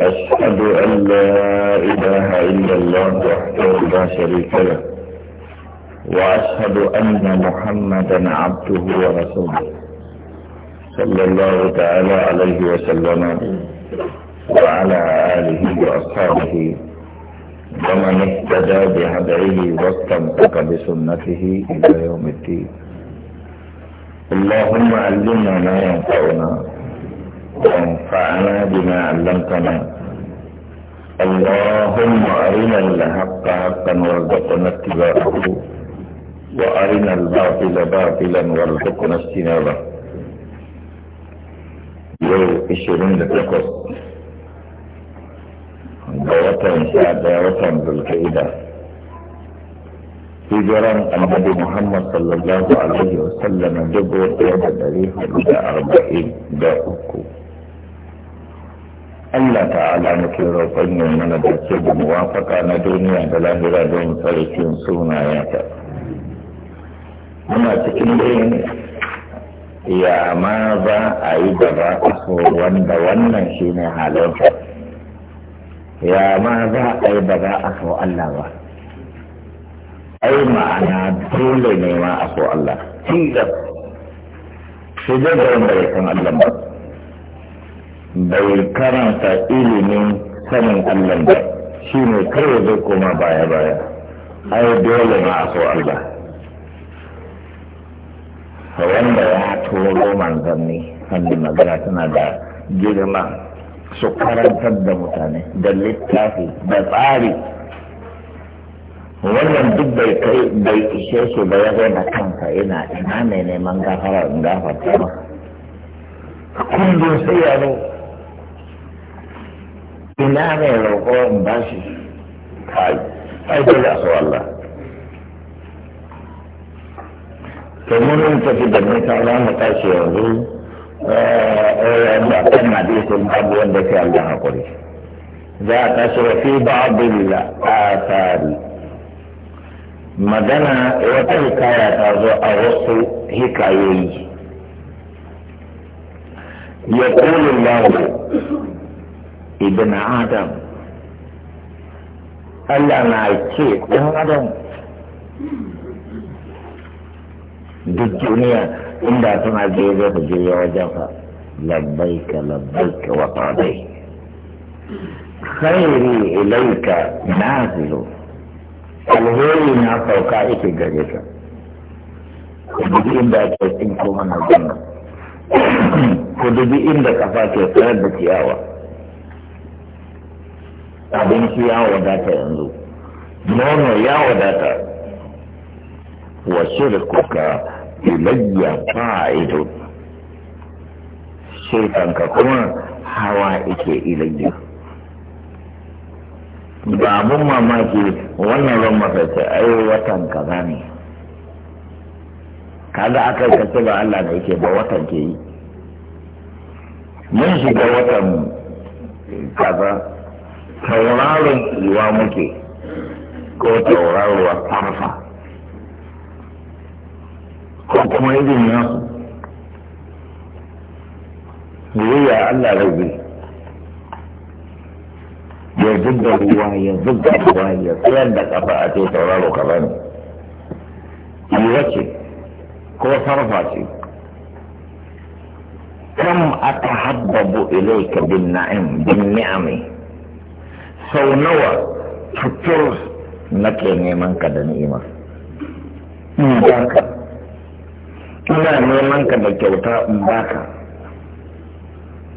أشهد أن لا إله إلا الله وحده لا شريك له وأشهد أن محمدا عبده ورسوله صلى الله تعالى عليه وسلم وعلى آله وأصحابه ومن اهتدى بهدعه واستنطق بسنته إلى يوم الدين اللهم علمنا ما ينفعنا وانفعنا بما علمتنا اللهم أرنا الحق حقا وارزقنا اتباعه وأرنا الباطل باطلا وارزقنا اجتنابه يو إشرين لتقص وطن شعب وطن بالقيدة هجرا النبي محمد صلى الله عليه وسلم جبر يد الأليف إلى أربعين دقيقة Allah ta'ala muke roƙon ya mana da ke da muwafaka na duniya da lahira don tsarkin sunayata. Muna cikin yin ya ma za a yi gaba so wanda wannan shi ne halarta. Ya ma za a yi gaba a so Allah ba. Ai ma'ana dole ne ma a so Allah. Tilas. Shi zai da wanda ya san Allah ba. bai karanta ilimin sanin Allah ba shi ne kawai zai koma baya-baya ai dole na a so Allah wanda ya turo manzanni hannu magana tana da girma su karantar da mutane da littafi da tsari wannan duk bai kai bai ishe su ba ya da kanka yana ina ne neman gafara in gafarta ba kundin sai ya ina mai roƙo in ba shi kai ai dole a so Allah to mun tafi da nisa za mu tashi yanzu eh, eh, kan hadisin babu wanda ke Allah hakuri za a tashi wa fi ba da asari. magana wata hikaya ta zo a wasu hikayoyi ya kulu lahu ابن آدم ألا ما يكيد ابن آدم بالدنيا إلا كما جيزة بجي وجفة لبيك لبيك وقاضيك خيري إليك نازل الهيري نافو كائك جريك بجي إلا كيسين كوانا جنة كدبي إلا كفاكي فرد تياوه abinci ya wadata yanzu nono ya wadata wa shirkuka ilayya fa'idu shirkanka kuma hawa ike ilayya ba abun mamaki wannan ran mafarki ai watan kaza ne kaga aka yi kace ba Allah da yake ba watan ke yi mun shiga watan kaza tauraron ruwa muke ko ruwa farfa ko kuma irin nasu biyayya Allah rabi ya zubda ruwa ya zubda ruwa ya tsayar da kafa a ce tauraro kaza ne yiwa ce ko farfa ce kam aka haddabu ilaika bin na'im bin ni'ami sau nawa na ke neman ka da ni'ima in ina neman ka da kyauta in baka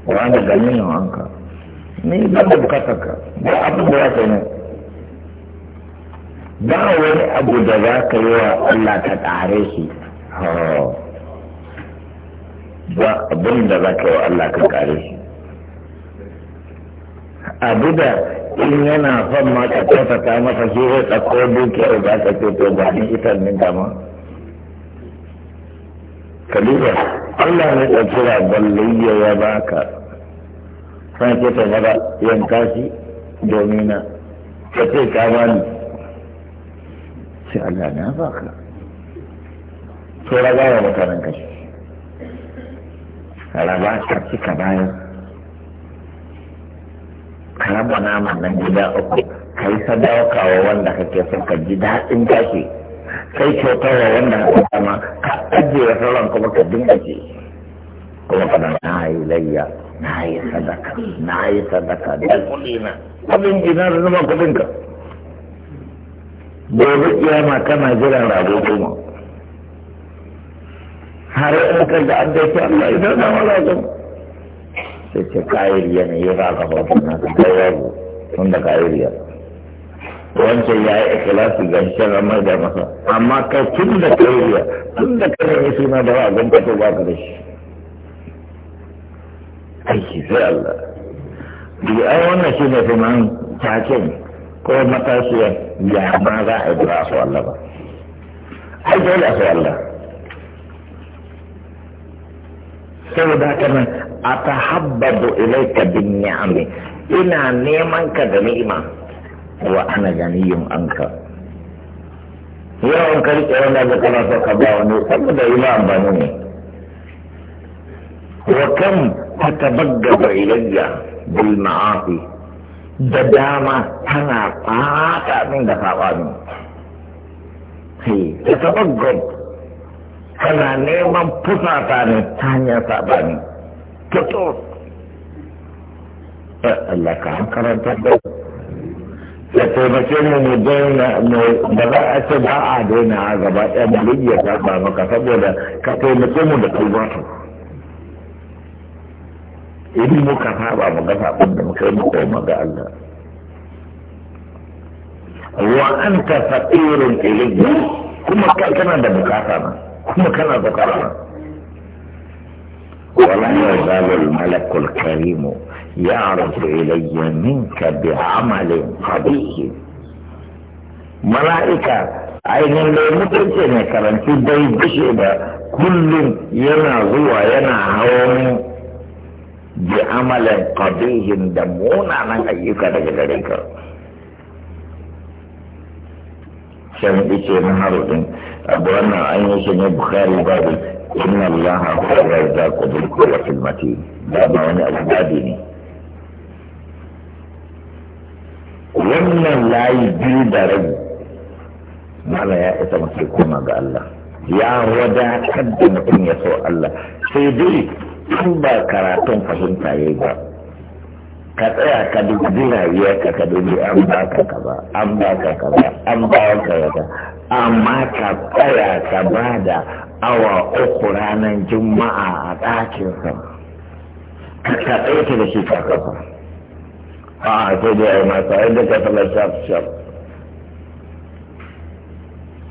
wani da nuna wanka ni ba da bukatar ka ba abin da ya kai ne ba wani abu da za ka yi wa Allah ka ƙare shi oh. ba abin da za ka yi wa Allah ka ƙare shi abu da in yana son ma ka kyautata masa shi zai ɗauko dukiyar da aka ce to ba ni ita ne dama Ka kalifa Allah ne da kira ballayya ya baka sai ke ta gaba yanka shi domin na ka ce ka ni sai Allah na baka to raga wa mutanen kashi raba ka cika bayan ka raba naman nan gida uku ka yi sadauka wa wanda kake son ka ji daɗin tashi kai kyautar wa wanda ka kama ka ajiye wa sauran kuma ka dinga ce kuma kana na yi layya na yi sadaka na yi sadaka da kuɗi na abin jina da zama kuɗin ka gobe kiyama kana jiran rago goma har in ka ga an dace Allah idan na mala sai ce kayiriya ne ya ba ka hoton na kai babu tun da kayiriya wancan ya yi ikilasi ga shi ramar da masa amma kai tun da kayiriya tun da kai ne suna da ba a ganta ko ba ka da shi aiki sai Allah bi ai wannan shi ne kuma takin ko matashiyar ya ma za a yi ba su Allah ba ai dole a su Allah saboda haka nan أتحبب إليك بالنعم إن نعمك غنيمة وأنا غني عنك يا عنك لكي أنا ذكرت إمام بني وكم تتبقب إلي بالمعاصي بداما أنا قاطع من دفعاني تتبقب أنا نعم فساتاني تانية سابعاني tutur Allah ka hankarantar da ya taimake mu mu daina da za a ce ba a daina a gaba ɗaya mu rige ta ba maka saboda ka taimake mu da turbatu idan muka saba mu ga sabon da muka yi mu koma ga Allah wa anta faqirun ilayhi kuma kana da bukata na kuma kana bukata na ولا يزال الملك الكريم يعرض الي منك بعمل قبيح ملائكة أين اللي مدركين كلام في بيت بشيبة كل ينا هو ينا هون بعمل قبيح دمونا أنا أيك هذا كذلك شنو بيجي نهارين أبو أنا أين شنو بخير بابي إن الله هو الرزاق ذو القوة المتين لا معنى أجدادني wannan layi biyu da rai mana ya isa mutum koma ga Allah ya wadatar da mutum ya so Allah sai dai tun ba karatun fahimta ya yi ba ka tsaya ka dubi dinariya ka ka dubi an ba ka kaza an ba ka kaza an ba ka kaza amma ka tsaya ka ba da awa uku ranar juma'a a ɗakin sa ka ka tsaye da shi ka kafa a sai dai ai masa ai da ka tsala shaf shaf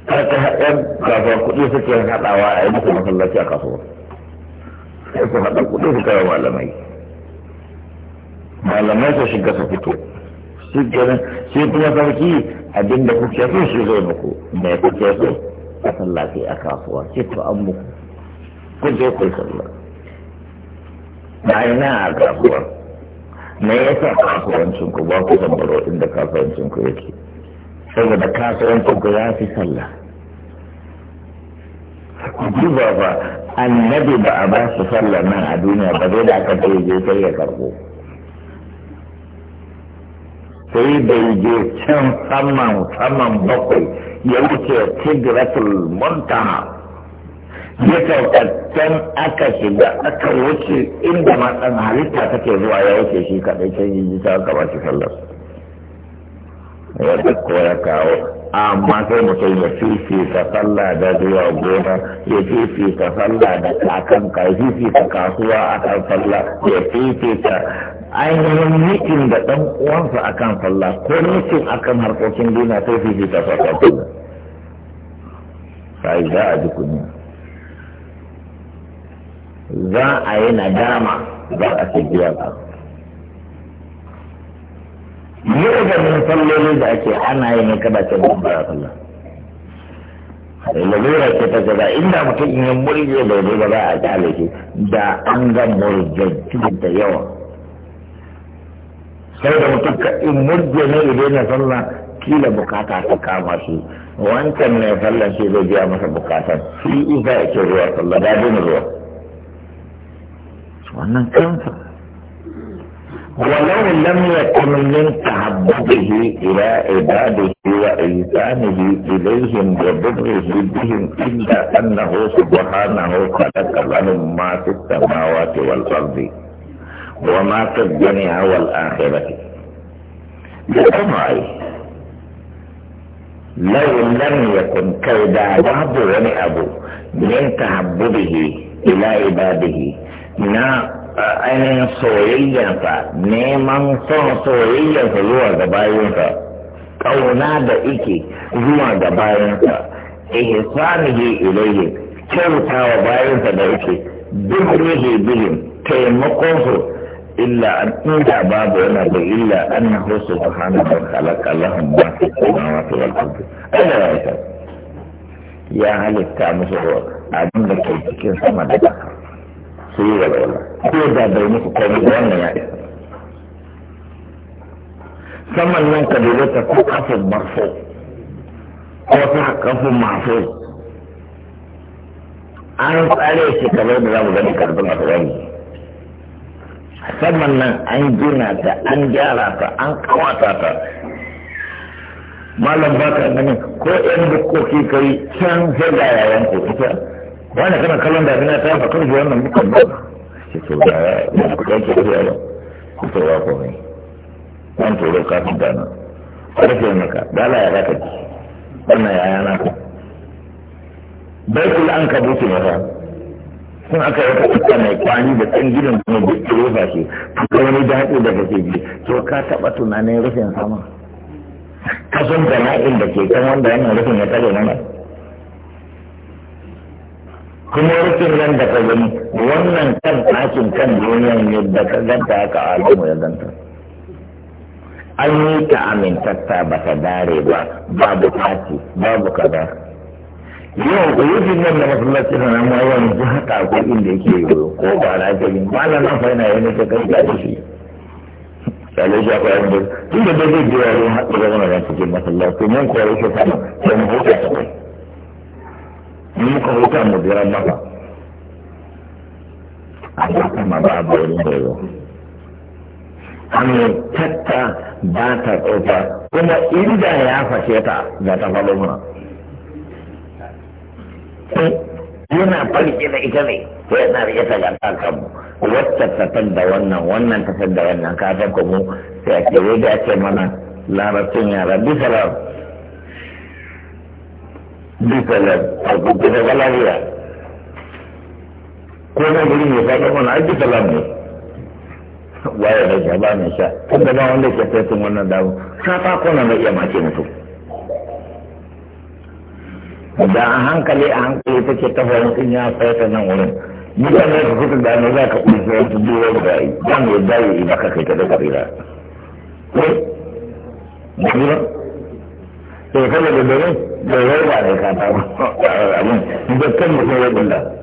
ka ka yan kafa kuɗi suke haɗawa a yi musu masallaci a kasuwa sai ku haɗa kuɗi su kai malamai malamai su shiga su fito shi kenan shi kuma sarki abinda kuke so shi zai muku mai kuke so a sallafi a kasuwa sai to an muku kun je ku sallah na a kasuwa me yasa kasuwancin ku ba ku baro inda kasuwancin ku yake saboda kasuwancin ku ya fi sallah duba ba annabi ba a ba su sallah nan a duniya ba zai da aka ce je sai ya karbo sai bai je can saman saman bakwai ya wuce tigratul muntaha ya can aka shiga aka wuce inda matsan halitta take zuwa ya wuce shi kaɗai can yi jita aka ba shi sallar ya ko ya kawo amma sai mutum ya fifita sallah da zuwa gona ya fifita sallah da kakan ka ya fifita kasuwa a kan sallah ya fifita ainihin mutum da ɗan uwansa akan sallah ko mutum akan harkokin dina sai fifita fasafin sai za a ji kunya za a yi nadama za a ce biya ba yau salloli da ake ana yi ne kada ce mun ba sallah lalura ce ta gaba inda mutum yin yi murje bai ba za a kyale da an ga murjajju da yawa sai da mutum ka in mujje ne da daina sallah kila bukata ta kama shi wancan ne sallah shi zai biya masa bukatan shi in a yake zuwa sallah da daina zuwa wannan kansa ولو لم يكن من تعبده إلى عباده وإحسانه إليهم وبره بهم إلا أنه سبحانه خلق لهم ما في السماوات والأرض wa ma fi dunya wal akhirati da kuma ai law lam yakun kaida babu wani abu ta min tahabbubihi ila ibadihi na ainihin soyayyansa neman son soyayyansa zuwa ga bayansa ƙauna da ike zuwa ga bayansa ihsanihi ilayhi kyautawa bayansa da yake duk yake bihin taimakonsu إلا أن إذا بعض ولد إلا أنه سبحانه خلق لهم ما في السماوات والأرض أنا لا أعلم يا هل التامس هو أدم لك الفكر سما دكا سيئة الأولى كل ذا بينك قوم وانا يا إسر سما من قبلتك قف مرفوض قف قف محفوظ أنا أسألك كبير رمضان كربنا غني saman nan an gina ta an gyara ta an kawata ta malam ba ka ganin ko yan bukoki kai can sai ga yayan ko ita wani kana kallon da na ta bakar ji wannan bukkan ba ce to da ya ku kai ya da ku to ba ko ne an to ka fi da na karfe maka dala ya ka ji wannan yayana ko baitul an ka ne ba sun aka yi kuka mai kwani da can gidan kuma da kiro ba shi to wani daɗi da kake ji to ka taɓa tunanin rufin sama ka san jana'in da ke kan wanda yana rufin ya tare nan? kuma rufin nan da ka gani wannan kan ɗakin kan duniyan yadda ka ganta haka alamu ya ganta an yi ta amintatta ba ta dare ba babu kati babu kaza yau ko yufin nan da masallaci na namu a yawan ji haka ko inda yake yi ko ba na ke yin ba na nan fa yana yin ta kai da shi sale shi akwai yanzu tun da dai zai jiya yin haɗu zama na cikin masallaci mun kuwa yake sama sai mu huta ta kai mun ka huta mu biyar maka a ba kama ba a bayanin da yau an tatta ba ta tsofa kuma inda ya fashe ta da ta faɗo mana yana farke da ita ne ko yana rike ta ganta mu. wacce ta da wannan wannan ta da wannan ka ta ko mu sai a ce da ake mana larabcin yara bisalar bisalar a kuku da galariya ko na guri ne ka san wannan aiki salam ne waye da shi ba mai sha tun da ba wanda ke sai wannan damu ka fa kona mai iya mace mutum da a hankali a hankali take ta in ya fahimta nan wurin mutane ka kuka ne za ka ƙunshi wasu duwa da yi dan ya dawo idan ka kai ta da kabila ko ne eh, to da dare da yau ba ne ka ta abin da kan mutum ya bulla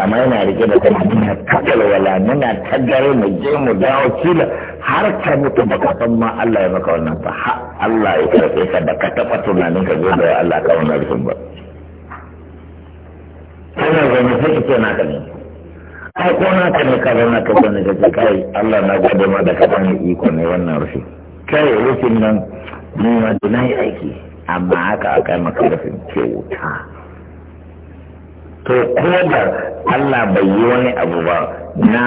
amma yana rike da kai muna wala muna tagare mu je mu dawo kila har ka mutu baka san ma Allah ya maka wannan ba ha Allah ya karbe ka da ka taba tunanin ka da Allah ka wannan rufin ba kana zama sai ke na ka ne ai ko na ka ne ka zama ka zama ka ce kai Allah na gode ma da ka bani iko ne wannan rufi kai rufin nan ni ma na yi aiki amma haka aka maka rufin ke wuta to ko da Allah bai yi wani abu ba na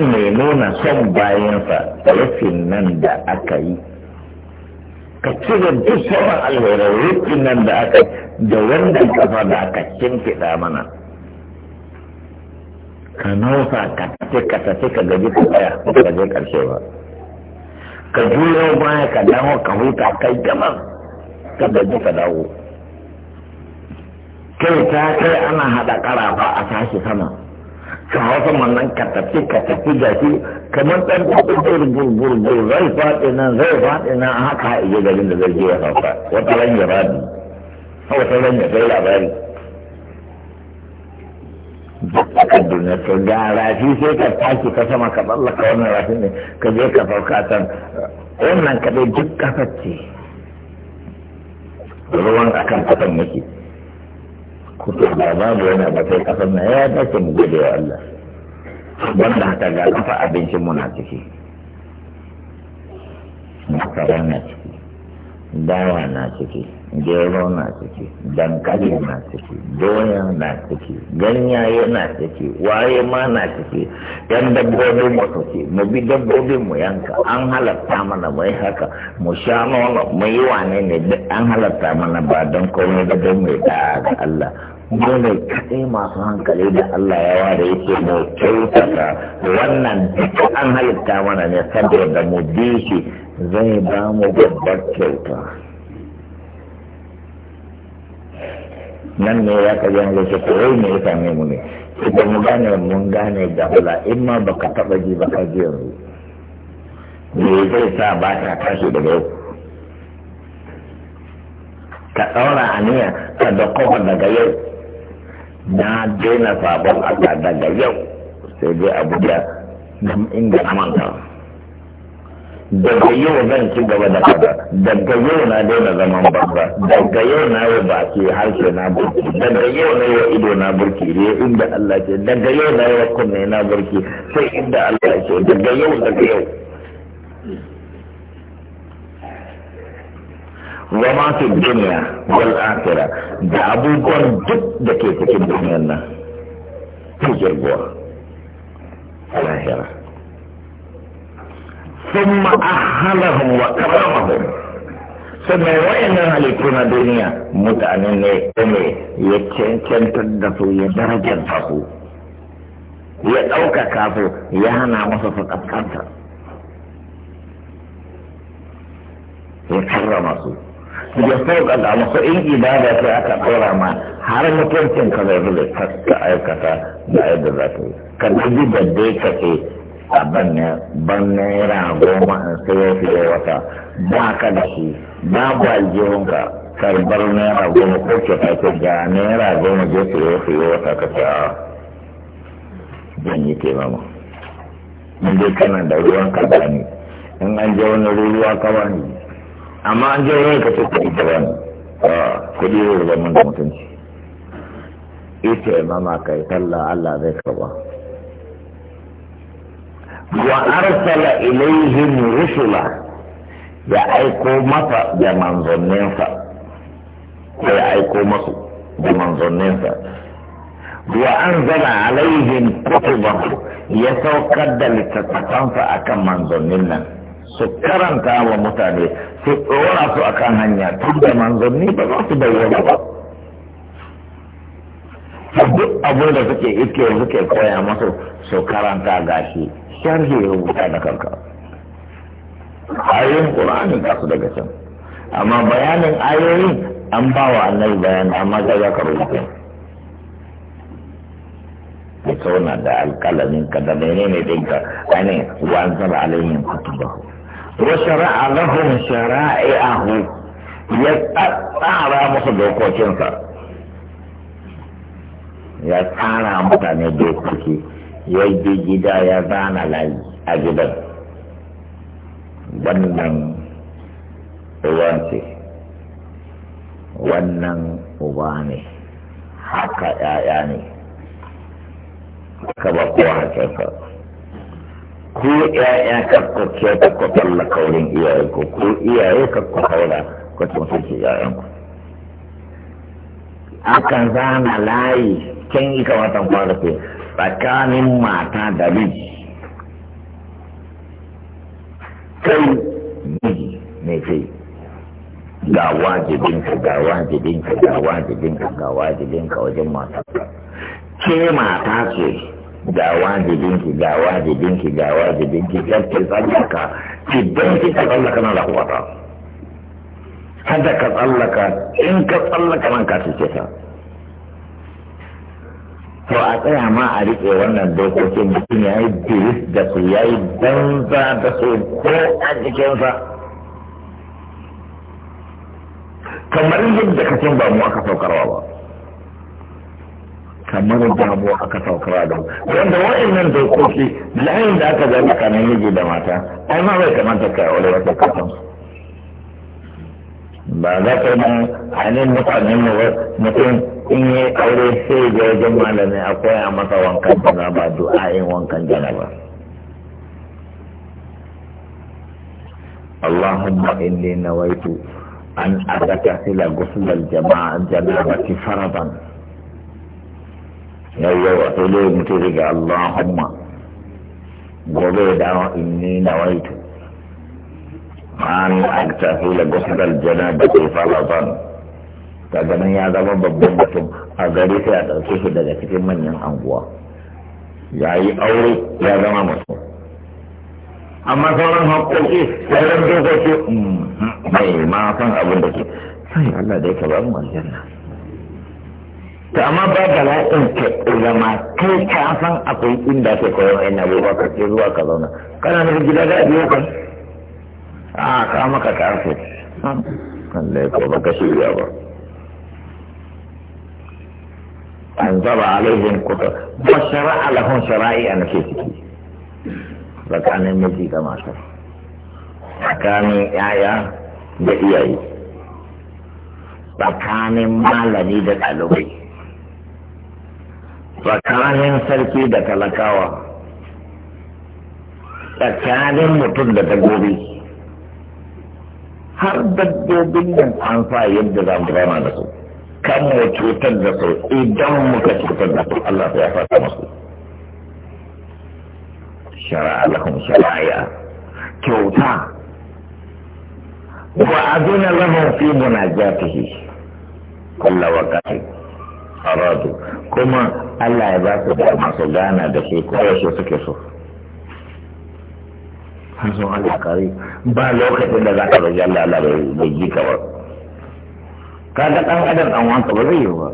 mai nuna son bayansa rufin nan da aka yi ka cire duk saman alherai rufin nan da aka yi, da wanda kafa da aka kimfiɗa mana ka nausa ka tafi ka tafi ka gaji ka tsaya ka je karshe ba ka juyo baya ka dawo ka huta kai gama ka gaji ka dawo kai ta kai ana haɗa ba a tashi sama ka hausa wannan ka tafi ka tafi da shi kamar ɗan kuɗin burburbur zai faɗi nan zai faɗi nan haka iya garin da zai je ya sauka wata ran ya radi wata ran ya zai labari dukkan duniya to ga rafi sai ka tashi ka sama ka tsallaka wannan rafi ne ka je ka fauka can wannan kaɗai duk kafa ce ruwan akan kasan muke kuke da babu wani ba sai kasar na ya dace mu gode wa Allah wanda haka ga kafa abincin mu na ciki makara na ciki dawa na ciki gero na ciki dankali na ciki doya na ciki ganyaye na ciki waye ma na ciki yan dabbobi mu suke mu bi dabbobi mu yanka an halatta mana mu haka mu sha nono mu yi wane ne duk an halatta mana ba don komai ba don mai da ga Allah mu ne kaɗai masu hankali da Allah ya ware yake mu kyautata wannan duk an halitta mana ne saboda mu bi shi zai ba mu babbar kyauta nan ne ya ka gane da shi ne ya same mu ne idan mu gane mun gane da hula in ma baka taba ji ba ka ji yanzu me zai sa ba ta tashi daga yau ka ɗaura aniya ka da kofa daga yau na daina sabon Allah daga yau sai dai abuja don inda amanta. daga yau zan ci gaba da kaza daga yau na daina zaman banza daga yau na yi baki harshe na burki daga yau na yi ido na burki ne inda Allah ce daga yau na yi kunne na burki sai inda Allah ce daga yau daga yau zama su duniya wal akhirah da abubuwan duk da ke cikin duniyar nan ku jirgowa lahira ثم أهلهم وكرمهم sannan wa'annan halittu na duniya mutanen ne ne ya cancantar da su ya darajar su ya ɗaukaka su ya hana masa su ya karrama su ya sauƙaƙa masu in ibada sai aka ɗora ma har mutuncin ka zai zai aikata da yadda za ka yi ka da dai ka ce abin ne ban yana goma in sayo fi da wata ba ka da shi ba ba aljihunka karbar a goma ko ke take ga yana goma je sayo fi da wata ka ta ah, zan yi taimama in dai kana da ruwan ka bani in an je wani ruwa ka bani amma an je wani ka ce kuɗi ka bani ah, kudi ne da mutunci ita mama kai talla Allah zai kaba. wa arsala ilaihim rusula ya aiko masa da manzanninsa ya aiko masu da manzanninsa wa anzala alaihim kutubahu ya saukar da littattafansa akan manzannin nan su karanta wa mutane su tsora su akan hanya tun da manzanni ba za su bayyana ba duk abin da suke iske suke koya masu su karanta gashi sharhi rubuta da kanka ayoyin ƙur'anin ta su daga can amma bayanin ayoyin an ba wa annabi bayani amma ta za ka rubuta ya tauna da alƙalamin ka da ne menene ɗinka ainihin wanzar alayhin ya tsara لهم dokokinsa ya tsara mutane مصدوقوتين ya je gida ya zana layi a gidan wannan uwa ce wannan uba ne haka ‘ya'ya ne haka ba kowa hakinsa ko ‘ya'ya kakkwake ta kwakwalla kaurin iyaye ko ku iyaye kakkwakaura kwacin suke ‘ya'yanku akan zana layi can yi kamatan fara ce tsakanin mata da miji kai miji ne kai ga wajibinka ga wajibinka ga wajibinka ga wajibinka wajen mata ke mata ce ga wajibinki ga wajibinki ga wajibinki kyakki tsallaka idan ki ka tsallaka na lahuwata kada ka tsallaka in ka tsallaka nan ka cuce ta to a tsaya ma a riƙe wannan dokokin mutum ya yi biris da su ya yi banza da su ko a jikinsa kamar yadda ka san ba mu aka saukarwa ba kamar ba mu aka saukarwa da wanda nan dokoki layin da aka zaɓa kanan miji da mata ai ma bai kamata ka wani wata kasansu ba za ka nan mutanen mu mutum in yi aure sai ga wajen malami a koya masa wankan ba du'a in wankan janaba اللهم إني نويت أن أتكفل غسل الجماعة الجنابة فرضا yau a tsole mutu daga Allahumma gobe da inni nawaitu an da ke janabati faradan kaga nan ya zama babban mutum a gari sai a ɗauke shi daga cikin manyan anguwa ya yi aure ya zama mutum amma sauran haƙoƙi sauran dokoki mai mm-hmm, ma san abin da ke sai Allah dai ka ba mu aljanna to amma ba bala'in ka zama kai ka san akwai inda ke koyon ainihin abubuwa ka ce zuwa ka zauna kana nufin gida da abubuwa a ka maka karfe Allah ko baka shirya ba an zaba alaihim kuta ba shara'a lahum shara'i a nake ciki tsakanin miji da matar tsakanin yaya da iyaye tsakanin malami da ɗalibai tsakanin sarki da talakawa tsakanin mutum da dagobi. har dabbobin nan an sa yadda za mu gama da su kan mu cutar da su idan muka cutar da su Allah ya fata masu shara'a lahum shara'a kyauta wa azuna lahum fi munajatihi kullu waqti aradu kuma Allah ya ba su da masu gana da shi ko yaushe suke so an Allah kare ba lokacin da za ka rage Allah Allah bai ji ka ba kaga dan adam dan wanka ba zai yi ba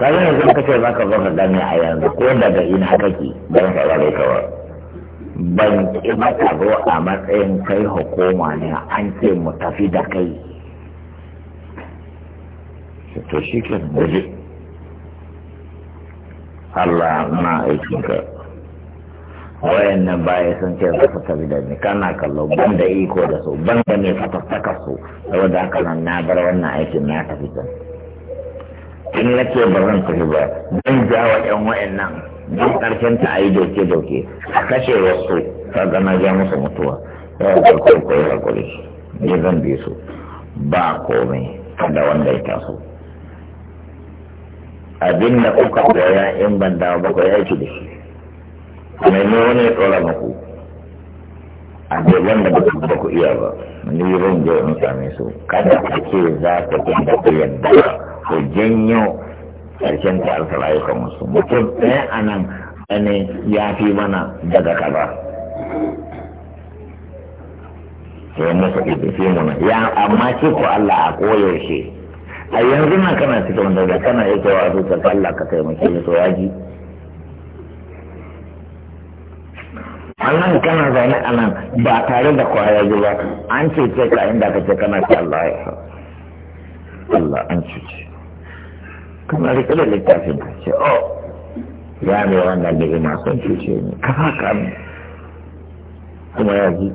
ka yanzu zan kace za ka zo ka gani a yanzu ko daga ina kake ban ka rage ka ba ban ki ka zo a matsayin kai hukuma ne an ce mu tafi da kai to shi ke Allah na aikin ka. wayan nan baya sun ce za su tafi da ni kana kallo ban da iko da su ban da ne fatattaka su saboda haka nan na bar wannan aikin na tafi can in na ce ba zan tafi ba zan ja wa ƴan wayan nan don ƙarshen ta a yi doke-doke a kashe wasu ka gana ja musu mutuwa Ya farko ko yi hakuri ni zan bi su ba komai da wanda ya taso abin da kuka koya in ban dawo ba ko ya da shi mai ne wani ya tsora muku a dai duk da ku iya ba ni zan je in same su kada ka ce za ka ji da ku yadda ku janyo karshen ta alfa rayukan wasu mutum ɗaya a nan ne ya fi mana daga kaza sai musu ibi fi muna ya amma ce ku Allah a koyaushe a yanzu na kana cikin wanda da kana yake wa zuciya Allah ka taimake ni to ya ji nan kana zaune a nan ba tare da kwaya ba an cece ka inda ka ce kana ce Allah ya Allah an cece kana rike da littafin ka ce oh ya ne wannan da ina son cece ne ka haka kuma ya ji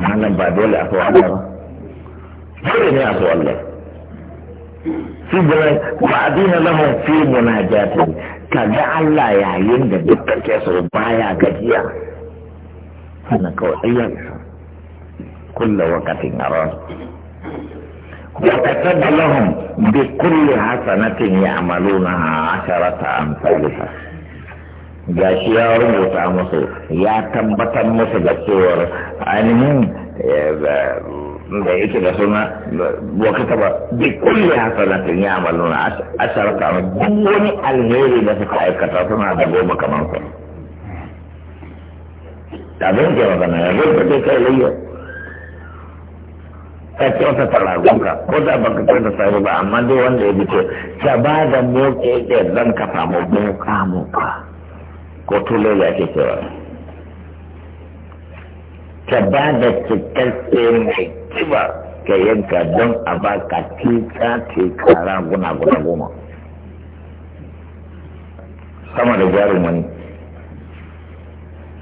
wannan ba dole a kawo Allah ba dole ne a kawo Allah su ba adina lahum fi munajatihim ka ga Allah yayin da dukkan kesar baya gajiya sannan kawai ayyar kulla wakatin aron وكتب لهم بكل حسنة يعملونها عشرة أمثالها gashi ya rubuta musu ya tabbatar musu da cewar ainihin eh, da yake da suna wakata ba bi kulli hasanatin ya amaluna asharaka ma duk wani alheri da suka aikata suna da goma kamar da abin ke magana ya zo ka kai kai layya ka kyauta talagunka ko da ba ka da sabu ba amma duk wanda ya bice ka ba da moke da zan ka samu boka moka ko tole ya ke cewa ka ba da cikakken mai ƙiba ka yanka don a ba ka tika teka raguna guda goma sama da jarin wani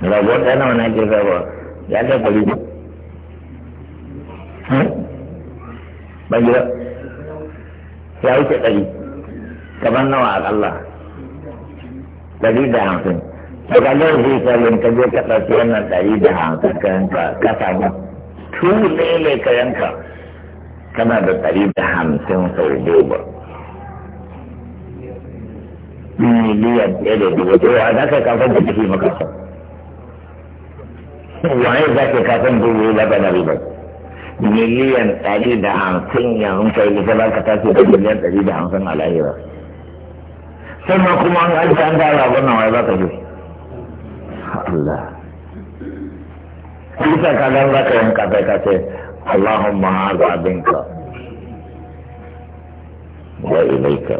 ragon ɗaya nawa na ke zaba ya ga gari hmm? ba gida ya wuce ɗari kamar nawa a ƙalla ɗari da hamsin daga nan zai kalin ka je ka ɗauki wannan ɗari da hamsin ka samu tule ne ka yanka kana da ɗari da hamsin sau goma miliyan ɗaya da dubu to a za ka kafin da tafi maka waye za ka kafin dubu da riba miliyan ɗari da hamsin yanzu kai ita ba ka tashi da miliyan ɗari da hamsin a lahira sannan kuma an alta an gara abin nan waye za ka je Allah kusa ka gan za ka yanka sai ka ce Allahumma haza binka wa ilaika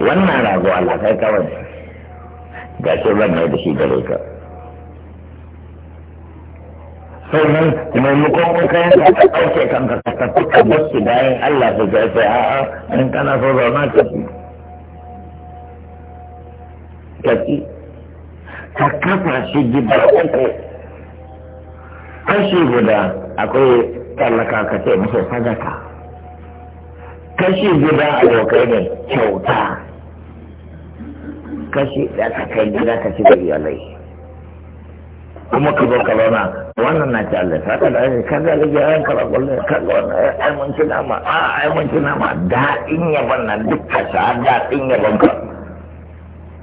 wannan rago Allah kai kawai ga shi ban mai da shi gare ka sannan maimakon kayan ka ta ɗauke kanka ka tafi ka bar su bayan Allah su ga sai a'a in kana so zauna ka ci ka ci ka kafa shi gida uku kashi guda akwai tallaka ka ce masa sadaka kashi guda a lokai ne kyauta kashi da ka kai gida ka ci da iyalai kuma ka zo zauna wannan na ci Allah saka da ake kan zalin gyaran kala kulle ka wannan ai mun ci nama a ai mun ci nama daɗin yaban na duka sa daɗin yaban ka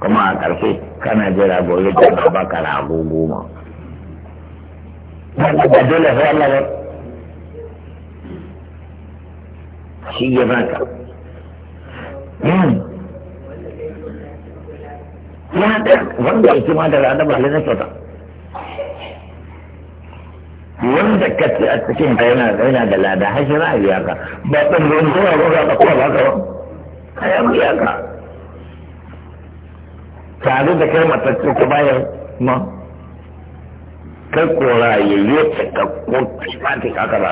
kuma a ƙarfe kana jira gobe da na baka rago goma ba dole sai Allah ba shi ya baka hmm. ya da wanda ya kima da rada ba na kyauta wanda ka ce a cikin ka yana da lada har shi ra'ayi ya ka ba ɗan ruwan kowa ba za ka kowa ba ka ba ka biya ka tare da kai matattu ka bayar ma kai kora ya yi ka ko kifati ka ka ba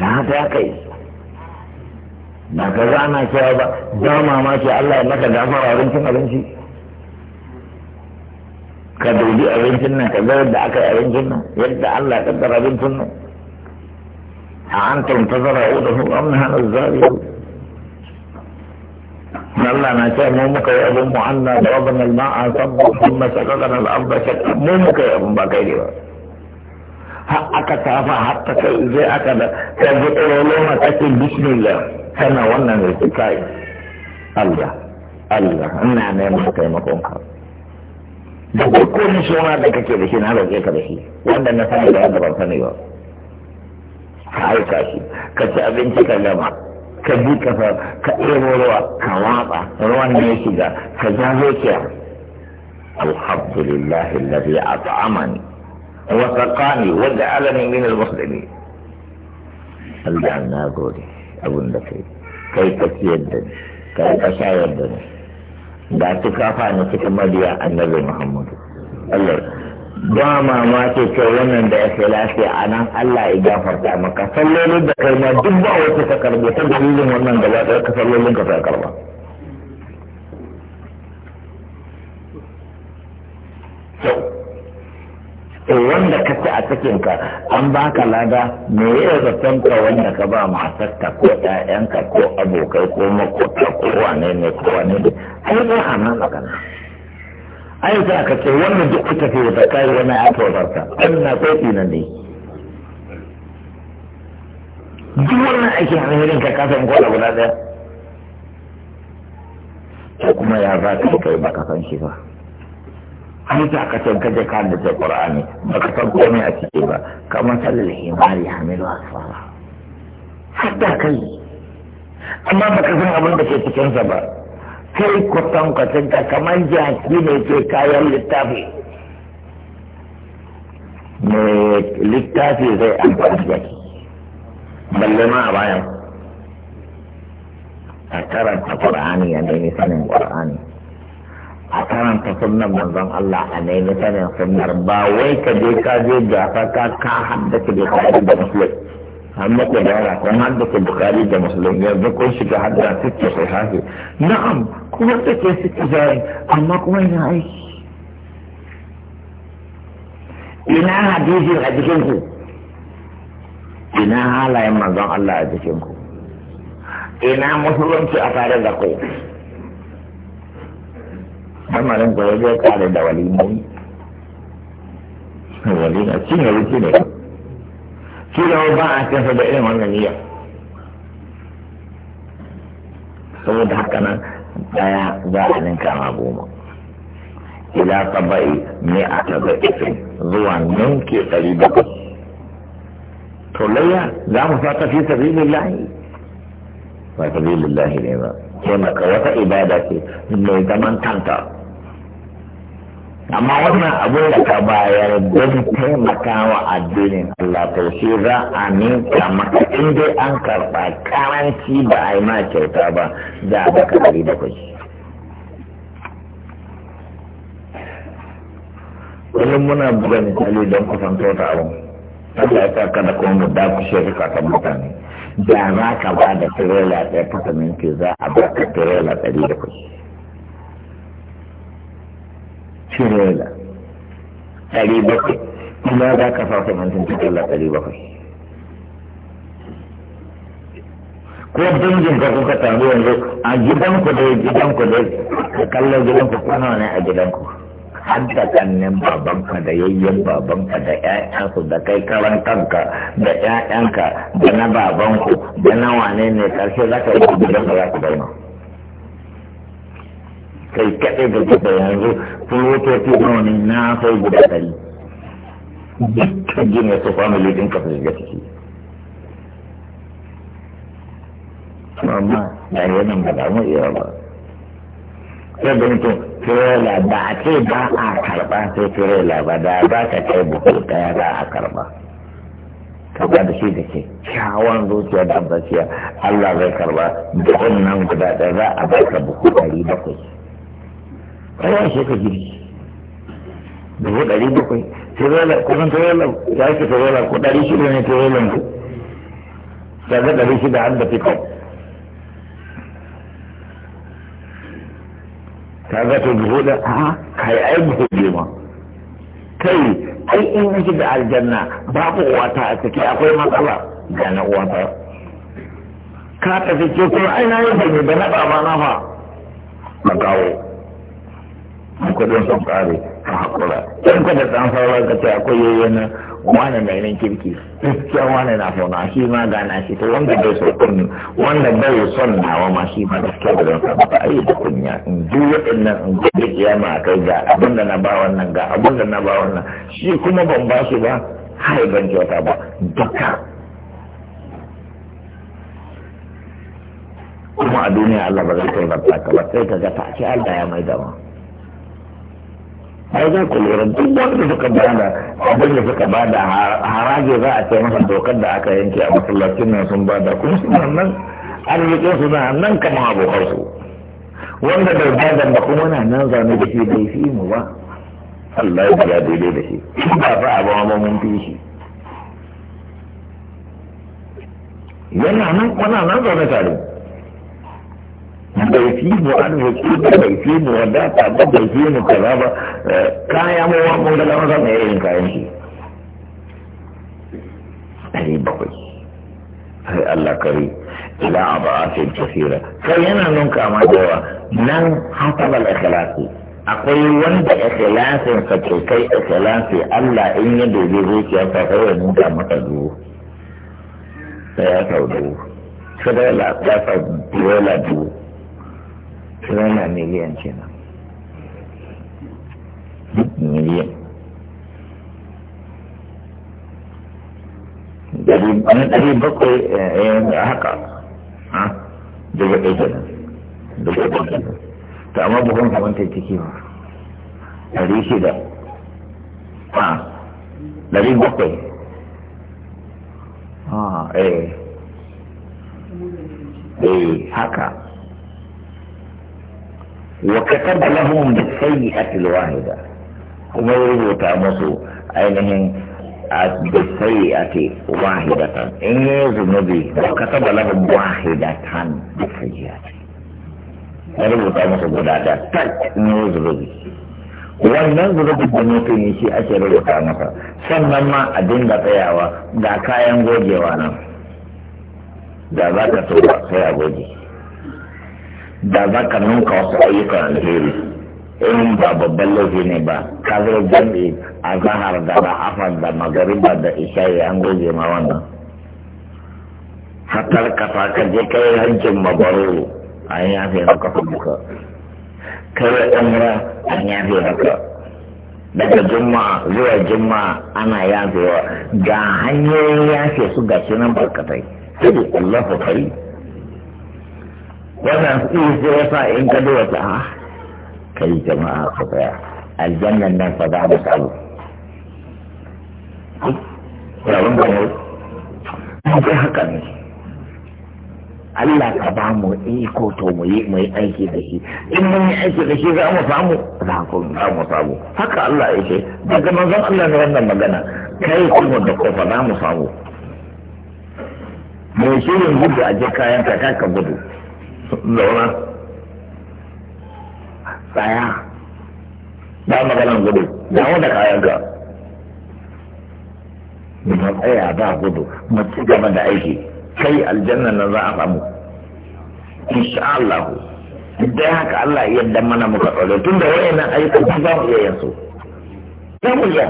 na ta kai ba ka zana cewa ba ma ce Allah ya maka gafara abincin abinci ka dubi abincin nan ka ga yadda aka yi abincin nan yadda Allah ya kaddara abincin nan a an tantazara udahu amna hana zariyu نلا ما جاء مومك يا أبو عنا ضربنا الماء ثم ثم سقطنا الأرض شك مومك يا أبو بكيري حقك تافا حقك إذا أكد تبقى لما تكن بسم الله سنة ونن الكاي الله الله أنا أنا مومك يا مكونك دكتور كل شو ما بدك كده شيء نعمل كده كده شيء وانا نسمع هذا بس أنا يوم هاي كاشي كتابين تكلم عنه ka bi kafa ka ɗebo ruwa ka watsa ruwan ne shiga ka ja zuciya alhamdulillahi alladhi at'amani wa saqani wa ja'alani min al-muslimin Allah na gode abin da kai kai ka ciyar da ni kai ka shayar da ni da su kafa ni cikin madiya annabi Muhammadu Allah ba ce kai wannan da ya fi lafiya a nan Allah ya gafarta maka sallolin da kai ma duk ba wata ka karbe ta dalilin wannan da ɗaya ka sallolin ka sai karba wanda ka ci a cikin ka an baka lada me ya da tanka wanda ka ba matarka ko ƴaƴanka ko abokai ko makota ko wane ne ko wane ne ai ba a nan magana ai za ka ce wannan duk ita ce da kai wannan ya tawar ka na sai nan ne duk wannan a alherin ka kasan gwada guda ɗaya ko kuma ya za ka kai ba ka san shi ba an za ka ce kaje ka da ce qur'ani ba ka san komai a ciki ba kamar sallal himari hamilu asfara hadda kai amma ba ka san abin da ke cikin sa ba kai kwatankwacin ka kamar jaki ne ke kayan littafi mai littafi zai amfani jaki balle ma a bayan a karanta ƙur'ani a nemi sanin ƙur'ani a karanta sunnan manzon Allah a nemi sanin sunnar ba wai ka je ka je gasa ka ka haddace da kayan da musulai an muku gyara kun haddasa bukari da musulun yanzu ko shiga haddasa suke sai hafi na'am kuma suke suke zai amma kuma yana aiki ina hadisin a jikinku ina halayen manzon Allah a jikinku ina musulunci a tare da ku amarin ku zai kare da walimomi walima cin abinci ne kila ba a kansa da irin wannan niyyar saboda haka nan daya za a ninka ma goma ila saba'i ne a taɓa isin zuwa ninke ɗari bakwai to layya za mu sa tafi sabilin lahi ba sabilin lahi ne ba taimaka wata ibada ce mai zaman kanta amma wannan abin da ka bayar don taimakawa addinin Allah to shi za a ninka maka in dai an karɓa karanci ba a yi ma kyauta ba da ba ka ɗari bakwai. wani muna buga misali don kusanto ta abin. Allah ya sa kada kuma mu dakushe ka kan mutane. Da za ka ba da tirela ɗaya fasa minti za a ba ka tirela ɗari da bakwai. shirela ɗari bakwai ina za ka sa su mantin tattala ɗari bakwai ko dangin ka kuka taru yanzu a gidanku da gidanku da ka kallo gidanku kwana ne a gidanku har da kannen babanka da yayyen babanka da ƴaƴansu da kai karan kanka da ƴaƴanka da na babanku da na wane ne karshe za ka yi gidanka za ka zauna kai kaɗai da gaba yanzu fulotoci nawa ne na sai guda ɗari dukkan gina su family ɗinka su shiga ciki amma da yanan ba damu iya ba sai da mutum tirela ba a ce ba a karɓa sai tirela ba da ba ka kai buku ɗaya ba a karɓa ka ba da shi da ke kyawun zuciya da ambaciya Allah zai karɓa da wannan guda ɗaya za a baka buku ɗari bakwai ɗaya shi ka gidi dubu ɗari bakwai tirela kusan tirela ya ake tirela ko ɗari shida ne tirelan ku ga ɗari shida an da fikon kaga to dubu da a kai ai buhu biyu ma kai ai in nake da aljanna babu wata a ciki akwai matsala ga na uwata ka tafi ce kuma ai na yi da na ba ma na fa na kawo kudin sun kare a haƙura in ka da ɗan sauran ka ce akwai yayyana wani mai nan kirki cikin wani na fauna shi ma gana shi ta wanda bai so kun wanda bai son nawa ma shi ma gaskiya ba zan Ba ai da kunya in ji waɗannan in ji da kiyama a kai ga abin da na ba wannan ga abin da na ba wannan shi kuma ban ba shi ba hai ban kyauta ba duka kuma a duniya Allah ba zai kai ba ta ba sai ka ga ta ce Allah ya mai da ma. ai za ku lura duk wanda suka bada abin da suka bada haraji za a ce masa dokar da aka yanke a masallacin nan sun bada kuma suna nan arzikin suna na nan kamar abokan su wanda bai bada ba kuma na nan zane da shi bai fi mu ba Allah ya biya daidai da shi ba fa abin ba mun fi shi yana nan kwana nan zaune tare bai fi mu an hukki ba bai fi mu wadata ba bai fi mu kaza ba eh, kaya mu wa mu daga wasa mai irin kayan shi ɗari bakwai sai Allah kare ila aba asin kasira Sai yana nun kama da yawa nan hasabal ikhlasi akwai wanda ikhlasin sa ke kai ikhlasi Allah in ya dobe zuciya ka kai wannan da maka duwo sai ya sau duwo sai da ya sau duwo Rana miliyan kenan. bakwai eh, eh, haka. Ha? bakwai. Eh. haka. وكتب لهم بالسيئة الواحدة وما يربط مصر أينهم بالسيئة واحدة إن ذنبي وكتب لهم واحدة بالسيئة يربط مصر بلادة تك إن wannan zurubin da mutum ne shi ake rubuta masa sannan ma a dinga tsayawa da kayan gogewa nan da za ka sai a goge da za ka nunka wasu ayyukan alheri in ba babban laifi ne ba ka zo jami'i a zahar da na afan da magariba da isha'i an goge ma wannan hatar kafa ka je kai hankin mabaro a yi yafe na kafa duka kai umra an yafe haka. daga juma zuwa juma ana yafewa ga hanyoyin yafe su gashi nan barkatai sai Allahu kai wannan su sai ya sa in ka duba ta ha ah, kai jama'a ka tsaya aljannan nan fa za mu samu rabin da ne sai haka ne Allah ka ba mu iko to mu yi mai aiki da shi in mun yi aiki da shi za mu samu za mu samu haka Allah ya ce daga manzon Allah ne wannan magana kai kuma da fa za mu samu mai shirin gudu a je kayan ka ka gudu zauna tsaya ba maganan gudu damu da kayanka mu tsaya ba gudu mu ci gaba da aiki kai aljanna nan za a samu insha Allah da haka Allah ya yarda mana muka tsare tun da wayannan ayyukan ba za mu iya yin su mu yi ba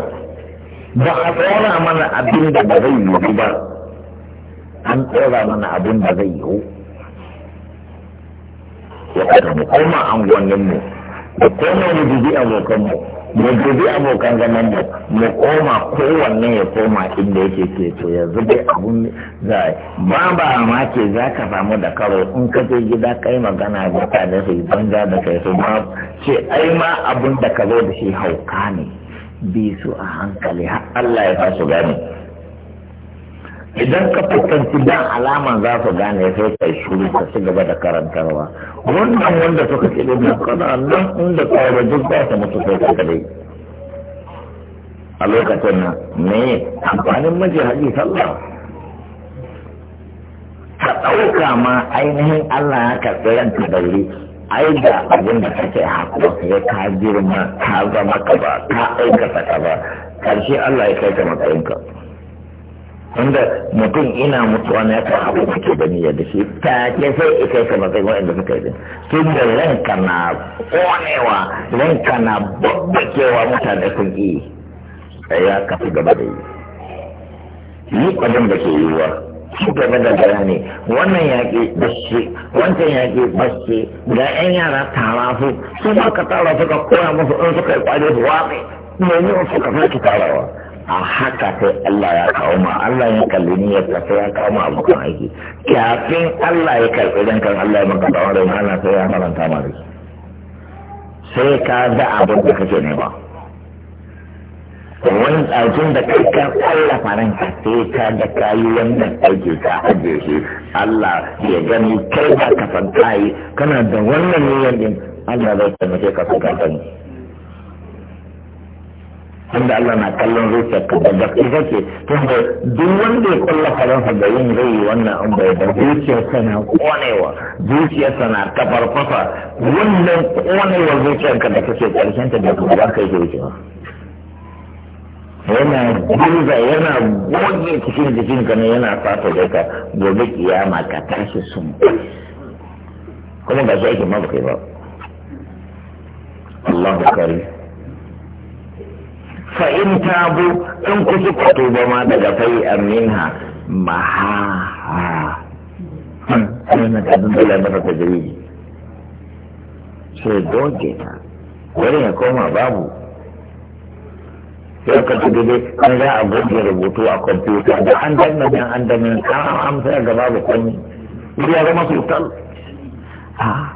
a tsora mana abin da ba zai yi ba an tsora mana abin da zai yi waɗanda mu koma mu da koma mu dubi abokan mu jibi abokan zaman mu mu koma kowanne ya koma inda yake ke to yanzu dai abun za ba ba ma ke za ka samu da karo in ka je gida kai magana da su banza da kai su ma ce ai ma abun da ka zo da shi hauka ne bi su a hankali har Allah ya fasu gani idan ka fuskanci dan alama za su gane sai ka yi shuru ka ci gaba da karantarwa wannan wanda suka ci da kana nan inda kawai duk za su mutu sai ka dai a lokacin nan me amfanin maji haji sallah ka ɗauka ma ainihin Allah ya karɓi ran da dauri ai da abin da kake hakuwa sai ka girma ka zama ka ba ka aikata ka ba karshe Allah ya kai ka matsayinka. wanda mutum ina mutuwa na yasa abu da ke gani ya dashi ta ke sai ya kai ka matsayin wa'anda suka yi tun da ranka na konewa ranka na babbakewa mutane sun yi ya kafi gaba da yi yi abin da ke yiwuwa su gaba da bayani wannan yaƙi bashi wancan yaƙi bashi ga 'yan yara tara su su ba ka tara suka koya musu in suka yi kwaje su watsi mai yi suka fi tarawa a haka sai Allah ya kawo ma Allah ya kalli ni ya tafi ya kawo ma abokan aiki kafin Allah ya karɓi dan kan Allah ya maka da rai ana sai ya faranta ma da sai ka ga abin da kake nema wani tsakin da kai kan Allah ka sai ka ga kayi wannan aiki ka ajiye shi Allah ya gani kai ba ka yi kana da wannan niyyar din Allah zai taimake ka san ka wanda Allah na kallon zuciyarka da gaske kake tunda duk wanda ya kallon faransa da yin zai yi wannan an bai da zuciyarsa na konewa zuciyarsa na tafarfasa wannan konewa zuciyarka da kake karshen ta da kuma kai yi zuciya yana gurza yana goge cikin jikinka ne yana fata da ka gobe kiyama ka tashi sun kuma ba shi ake mabukai ba Allahu karim fa in tabu in ku suka ba ma daga fai aminha maha wannan kadin da lamar hmm, ta sai doge ta wani ya koma babu sai ka ci dai an za a goge rubutu a kwamfuta da an danna da an danna an amsa ga babu komai ya zama sultan ah,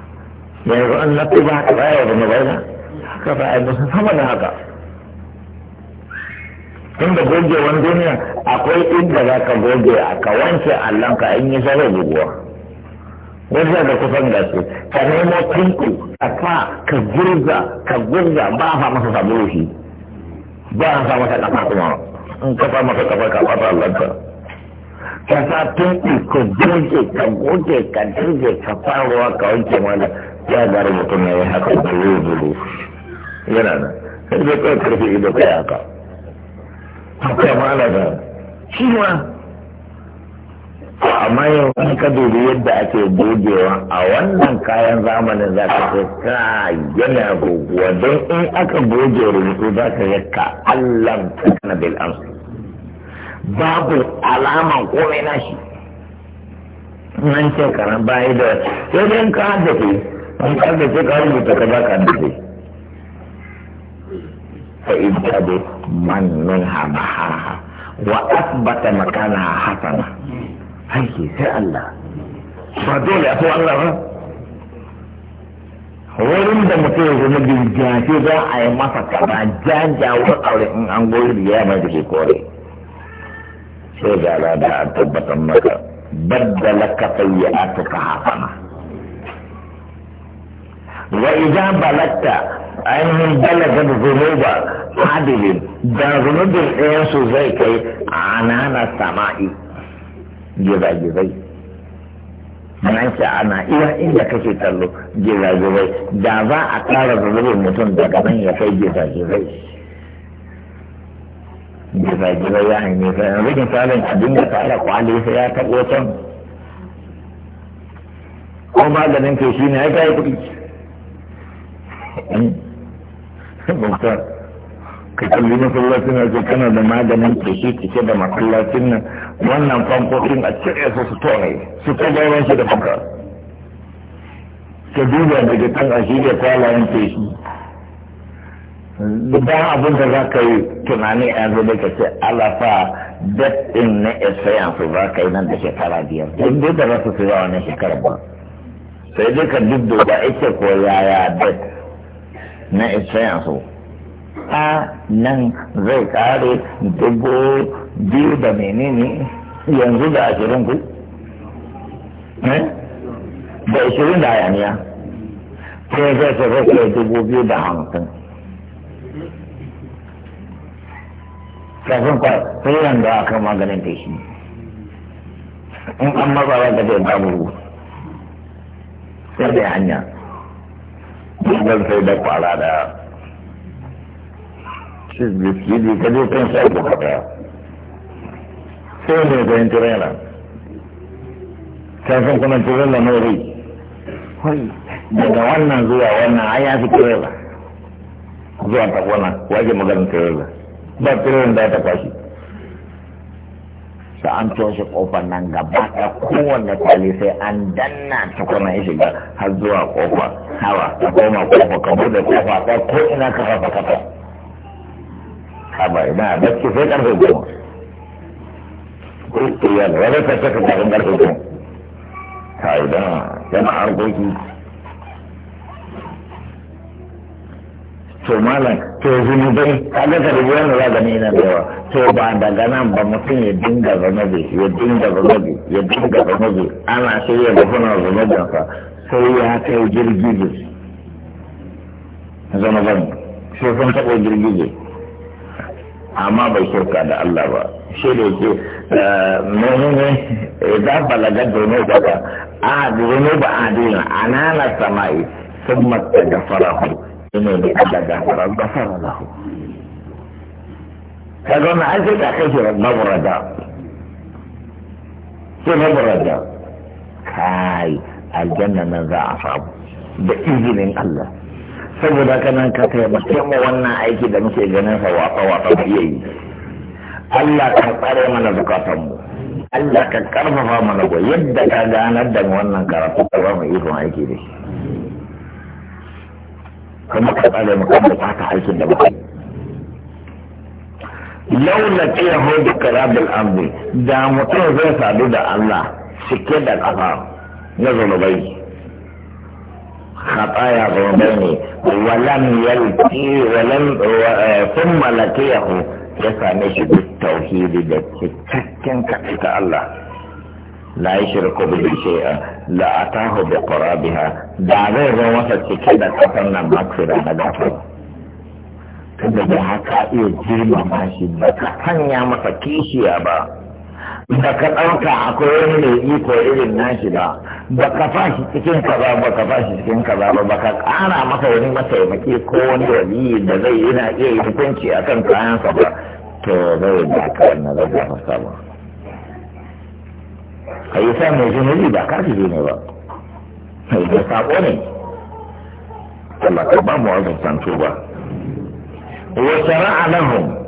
yanzu an lafi ba a baya da mabaina haka ba a yi musamman haka tun goge wani duniya akwai inda za ka goge a ka wanke allonka in yi sarar guguwa wajen da kusan gaske ka nemo tinku a ka ka gurza ka gurza ba a masa sabulu shi ba a sa masa kafa kuma in kafa masa kafa ka fata allonka ka sa tinku ka goge ka goge ka dirge ka faruwa ka wanke mana ya gari mutum ya yi haka da zuru yana da sai zai kawai karfi ido kai haka haka malaga shi ma amma yau an ka dubi yadda ake gogewa a wannan kayan zamanin za ka ce ka yana goguwa don in aka goge rubutu za ka yi ka allan kana bil amsa babu alaman komai na shi nan ce karan bayi da sai dai ka haddace an ka haddace ka rubuta ka ba ka haddace فإبداد من منها محاها وأثبت مكانها حسنة هيك سي الله فدول أتو الله wurin da mutum ya zama jirgin za a yi masa kaza jajawar aure in an goyi riya mai da kore sai ga lada a tabbatar maka baddala ka sayyi'atuka hasana wa idza balagta ainihin balaga da ba adilin da zunubin ɗayansu zai kai anana sama'i gizagizai nan ce ana iya inda kake kallo gizagizai da za a ƙara zunubin mutum daga nan ya kai gizagizai gizagizai ya hanyar sai yanzu tsarin abin da tara kwali sai ya taɓo can ko maganin ke shi ne ya kai kuɗi hmm. bauta ka kalli masallacin nan kana da maganin keke cike da masallacin nan wannan fankokin a cire su su tone su ta gairan shi da fanka ka duba da kan a shi da kwalayen keke ba abin da za ka yi tunani a yanzu da ka ce alafa dat in na experience za ka yi nan da shekara biyar in da za su fi na shekara ba sai dai ka duk da ita ko yaya dat na isayansu a nan zai kare dubu biyu da menene yanzu da ashirin ku eh? da ashirin da ayaniya sai zai su rage dubu biyu da hamsin kafin kwa sai yanzu aka maganin shi in an matsawa ga zai babu sai da hanya zan sai da kwara daya shi biskidi ka je kan sai buka daya sai ne ka fahimci rana ta san kuma tirar da nori daga wannan zuwa wannan ai ya fi tirar zuwa ta kwana waje maganin tirar ba tirar da ta kwashi da an toshe kofar nan gaba da kowanne kwali sai an danna ta kuma ya shiga har zuwa kofar hawa ka koma kofa ka ko kofa ka ko ina ka fafa kafa haba ina bacci sai karfe goma kurkiyar wani ka saka kafin karfe goma ta idan yana harkoki to malam to zunubai kaga ka rubuwa na za gani yana da yawa to ba daga nan ba mutum ya dinga zunubi ya dinga zunubi ya dinga zunubi ana shirya gafunan zunubinsa sai ya kai girgije zama zan sai sun taɓa girgije amma bai shirka da Allah ba shi da yake eh, mene ne idan eh, balaga dono ba ba a dono ba a dina anana sama'i sun mata gafarahu ne ne Allah gafara gafara lahu kaga wannan an sai ka kai shi maburada sai maburada kai aljanna nan za a samu da izinin Allah saboda kana ka taimake mu wannan aiki da muke ganin sa wafa wafa iya yi Allah ka tsare mana bukatun mu Allah ka karfafa mana go yadda ka ganar da wannan karatu ka ba mu ikon aiki da shi kuma ka tsare mu kan bukatun aikin da muke laula ta yahudu karabul amri da mutum zai sadu da Allah cike da kafa na zunubai khataya zunubai ne walam yalki walam sun eh, malaki yahu ya same shi duk tauhidi da cikakken ta Allah la yi shirku bi shi'a la atahu bi qurabiha da zai zo masa cike da kafan nan makira na gafa tunda da haka iya girmama shi ba ka sanya masa kishiya ba ba ka ɗauka akwai wani mai iko irin nashi ba ba ka fashi cikin ka ba ka fashi cikin ka ba ba ka ƙara maka wani mataimaki ko wani wani da zai yana iya yi hukunci a kan kayansa ba to zai da ka wannan zai ba fasa ba a yi sa mai zunubi ba ka fi ne ba mai da saƙo ne Allah ka ba mu wajen santu ba wa shara'a lahum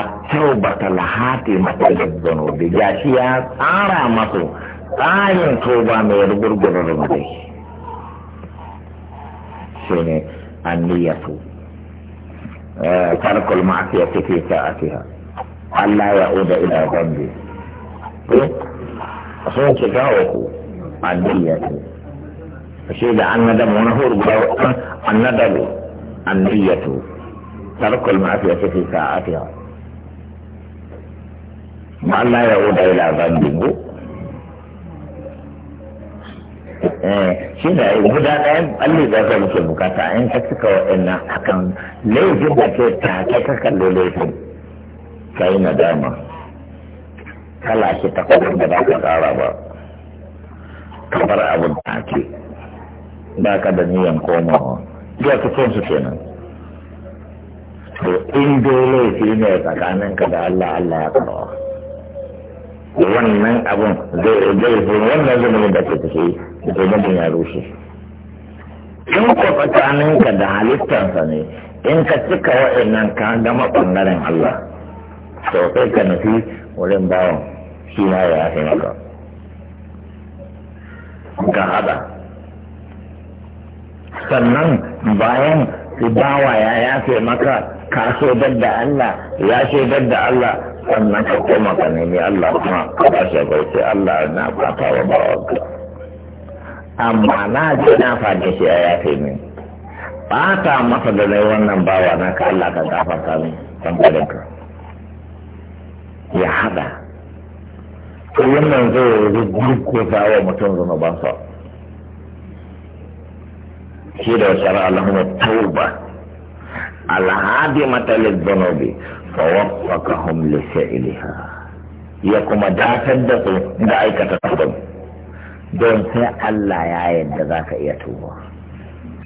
التوبة الهاتي ما الذنوب جاشيا سارا مطو قاين توبة ميربر قررم دي شيني النية آه، ترك المعصية في ساعتها ألا يعود إلى ذنبي أصلا شكاوكو النية شيء أن ندم ونهور أن ندم النية ترك المعصية في ساعتها ma la yauda ila zambihi shi da guda ɗayan ɓalli da ka muke bukata in ka cika ina akan laifin da ke ta ka kallo laifin ka yi nadama kala shi ta kwakwar da ba ka tsara ba kamar abin da ake ba ka da niyan komawa ya ta su kenan to in dai laifi ne tsakaninka da Allah Allah ya karwa wannan abun zai zai wannan zamanin da ke tafi da ne ya rushe in ku tsakaninka da halittarsa ne in ka cika wa'annan ka gama bangaren Allah to sai ka nufi wurin bawan shi ma ya yafe maka ka haɗa sannan bayan bawa ya yafe maka ka so da Allah ya shaidar da Allah sannan ka koma ka Allah kuma ka ba sai Allah na fata wa bawanka amma na ji na fada shi ya yafe min bata masa da nai wannan bawa na ka Allah ka gafarta min tambarin ka ya hada to wannan zai rubuta wa mutum zunubansa shi da shara Allahumma tauba alhadi matalil zunubi فوفقهم لفعلها يقوم داتا دسو دعيكة تقدم دون سي الله يا يد ذاك يتوبا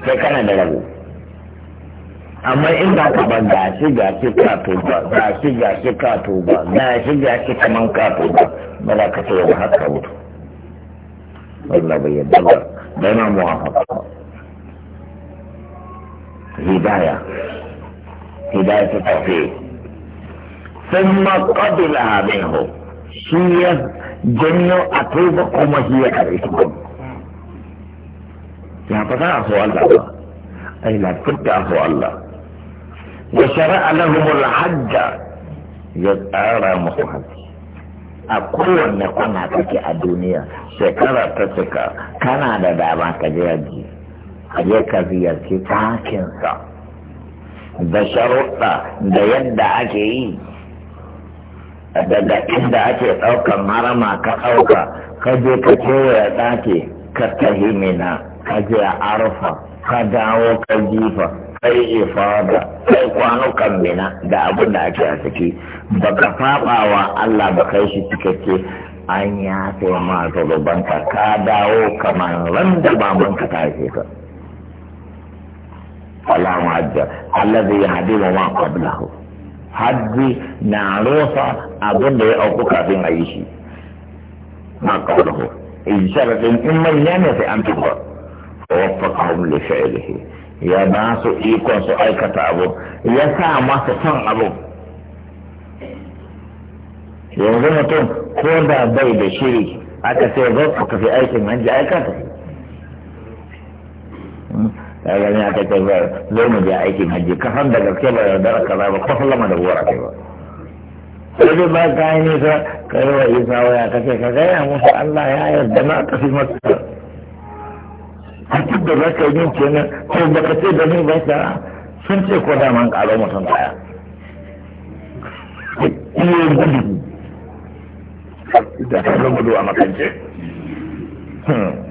سيكنا دلغو amma in ba ka ban shi ga shi ka tuba ga shi ga shi ka tuba ga shi ga shi kaman ka tuba ba za ka tsaye ba haka bai yadda ba hidaya hidaya ta ثم قبلها منه هي جميع اتوب كما هي كريتكم يا بدا اخو الله اي لا كنت اخو الله وشرع لهم الحج يتعرى مخوحك اقوى نكون هكذا الدنيا شكرا تسكا كان هذا دعما كجيجي هيك في يركي تاكنسا بشرطة ديد عكيين daga inda ake ɗaukar marama ka ɗauka ka je ka kewaye ɗaki ka tahi mina ka je a arfa ka dawo ka jifa kai ifada kai kwanukan mina da abin da ake a ciki baka faɓawa Allah ba kai shi cikakke an ya sai ma zulubanka ka dawo kamar ran da ka ta haife ka Allah zai allazi yahdimu ma qablahu hajji na rosa abin da ya auku kafin a yi shi ma kawo in sharadin in manya ne sai an tuba waffaqahum da fi'lihi ya ba su ikon su aikata abu ya sa masa son abu yanzu mutum ko da bai da shiri aka sai zo ka fi aikin hajji aikata ya gani aka ce ba zo mu je aikin hajji ka san da gaske ba yaudara kaza ba ko sallama da gora kai ba sai dai ba ka yi nisa ka wa isa waya ka ce ka gaya musu allah ya yarda na tafi masu duk da za ka yi kenan ko ba ka ce da ni ba ka sun ce ko da man karo mutum kaya iya gudu da ka gudu a makance hmm.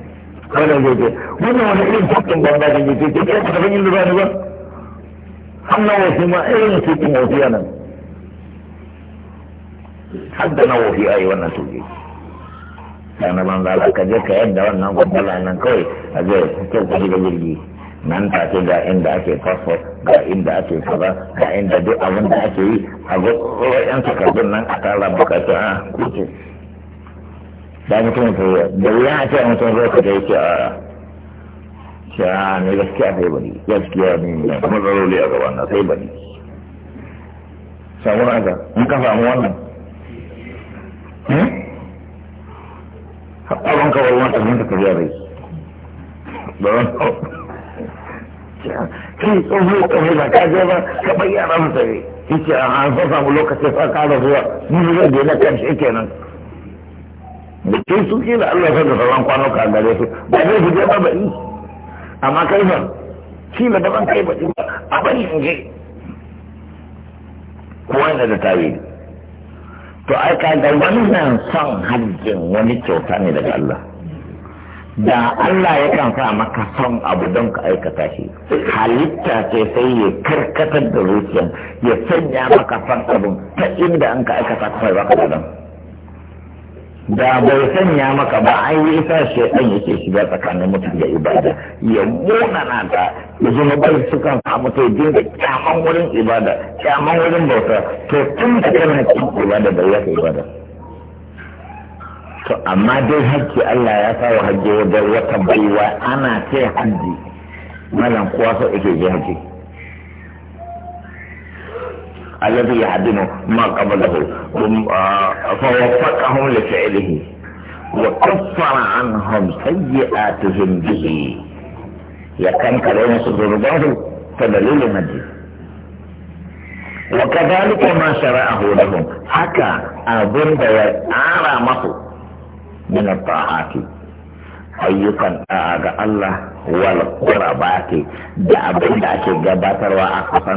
wannan zai ce wannan wani irin tafkin banza kan eh, yake ke ka lura ba wasu ma irin wasu yanan hadda eh, na a yi wannan tuki kana banza Allah ka je ka yadda wannan gwamnati nan kawai a zai kyau ka shiga jirgi nan ta ce ga inda ake fasfot ga inda ake kaza ga inda duk abin da ake yi a ga yan takardun nan a tara bukatu a ah, kuce da mutum yi da wuya a ce mutum zai ka dai ce a sha ne gaskiya sai ne gaskiya ne matsaloli a gaban na sai bari samu haka in ka samu wannan hmm? abin ka wani wata mun ta kariya bai ba wani kai tsoho kai ba ka je ba ka bayyana mutane ne yace a an samu lokacin fa ka da zuwa ni zai je na kan shi kenan da kai su kila Allah sai da sauran kwanuka gare su ba zai fi jefa ba ni amma kai ba kila da ban kai ba ba a bari in je kowa yana da tawili to ai ka ga wannan son hajjin wani kyauta ne daga Allah da Allah ya kan sa maka son abu don ka aikata shi halitta ce sai ya karkatar da zuciya ya sanya maka son abun ta inda an ka aikata kawai baka da don da bai sanya maka ba an yi sa shaidan yake shiga tsakanin mutum da ibada ya munana ta ya zama bai su kan samu ta da kyaman wurin ibada kyaman wurin bauta to tun da kana cikin ibada bai yaka ibada to amma dai hajji Allah ya sa wa hajji wajen wata baiwa ana ce hajji malam kowa so ake je hajji الذي يعدم ما قبله آه، فوفقهم لفعله وكفر عنهم سيئاتهم به يكن كلام الله فدليل مجيد وكذلك ما شرعه لهم حكى أظن يتعارى مصر من الطاعات أيقا أعاد الله والقربات wal qurabati da abin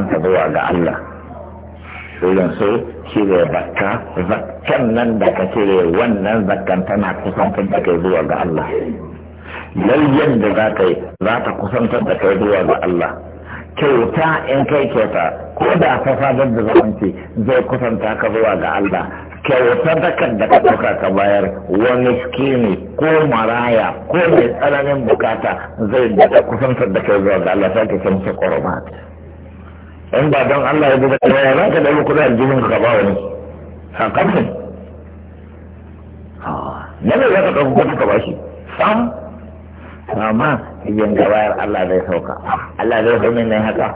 da الله so shi ne zakka zakkan nan da ka cire wannan zakkan tana kusantar da kai zuwa ga Allah lalyan da za ka yi za ta kusantar da kai zuwa ga Allah kyauta in kai kyauta ko da ka sadar da zamanci zai kusanta ka zuwa ga Allah kyautar da kan da ka ɗauka ka bayar wani skini ko maraya ko mai tsananin bukata zai da kusantar da kai zuwa ga Allah sai ka san su in ba don Allah ya bi da ya za ka ɗauki kuɗin aljihun ka ba wani hakan ne nan za ka ɗauki kuɗin ka ba shi sam amma gaba gabayar Allah zai sauka Allah zai sauka ne haka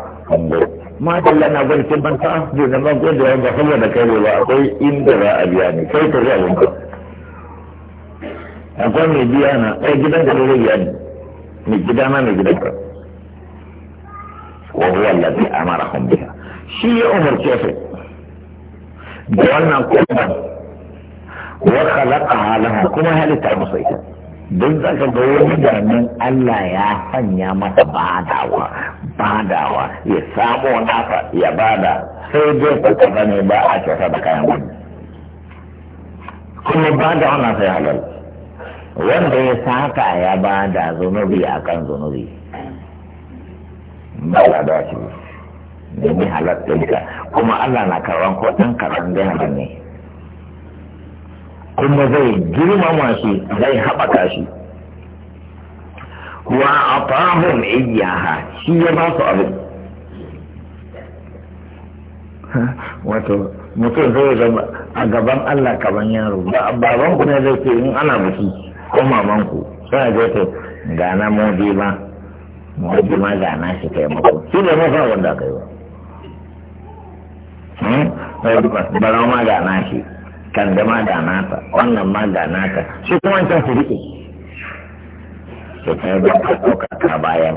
ma dalla lana gwada kin banta je zama ban gwada wanda kuma da kai ba akwai inda za a biya ne kai ka zai abinka akwai mai biya na ai gidan da zai biya ne mai gidana mai gidan ka وهو الذي أمرهم بها شيء أمر كيف دولنا قربا وخلقها لهم كما هل تعمصيها duk za ka ga wani ganin Allah ya sanya masa badawa badawa ya samu nasa ya bada sai dai ka kaza ne ba a kyauta da kayan wani kuma badawa na sai halal wanda ya saka ya bada zunubi akan zunubi ba lada shi domin halatta ka kuma Allah na karban ko ɗan karban gana ne kuma zai girmama shi zai haɓaka shi wa a atahum iyyaha shi ya ba su abin wato mutum zai zama a gaban Allah kaman yaro baban ku ne zai ce in ana biki ko mamanku ku sai zai ce ga na modi ba wani ma ga na shi taimako shi ne mafa wanda aka yi hmm? ba? barau ma ga na shi kanda ma ga nata wannan ma ga nata shi kuma wancan su riƙe su kai ba ka ɗauka ka bayan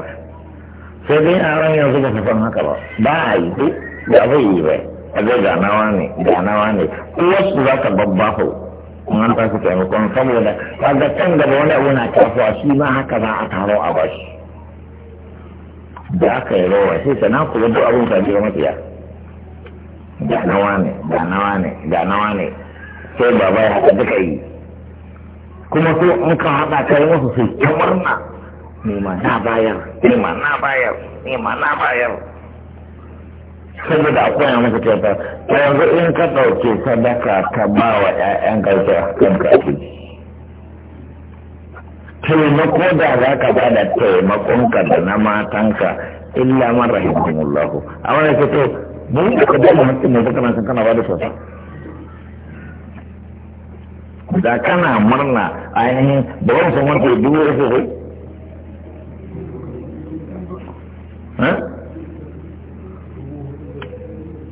sai dai a ran yanzu ba su san haka ba ba a yi ba. ba zai yi ba a zai ganawa ne ganawa ne kowasu za ka babbafa in an tashi taimakon saboda kaga can gaba wani abu na tasowa shi ma haka za a taro a bashi da aka yi rawa sai sana ku ga duk abin ka jira mafiya ga nawa ne ga nawa ne ga nawa ne sai baba ya haka duka yi kuma su in ka haɗa kai musu su ta murna nema na bayar nema na bayar nema na bayar saboda a koya masa kyauta yanzu in ka ɗauke sadaka ka ba wa 'ya'yan ka kanka a ciki taimako da za ka ba da taimakonka da na matanka illa man rahimahullah a wani ce to mun da ka da hakkin ne kana san kana ba da sosa da kana murna ainihin ba wani san wanda ya duwo ya sosai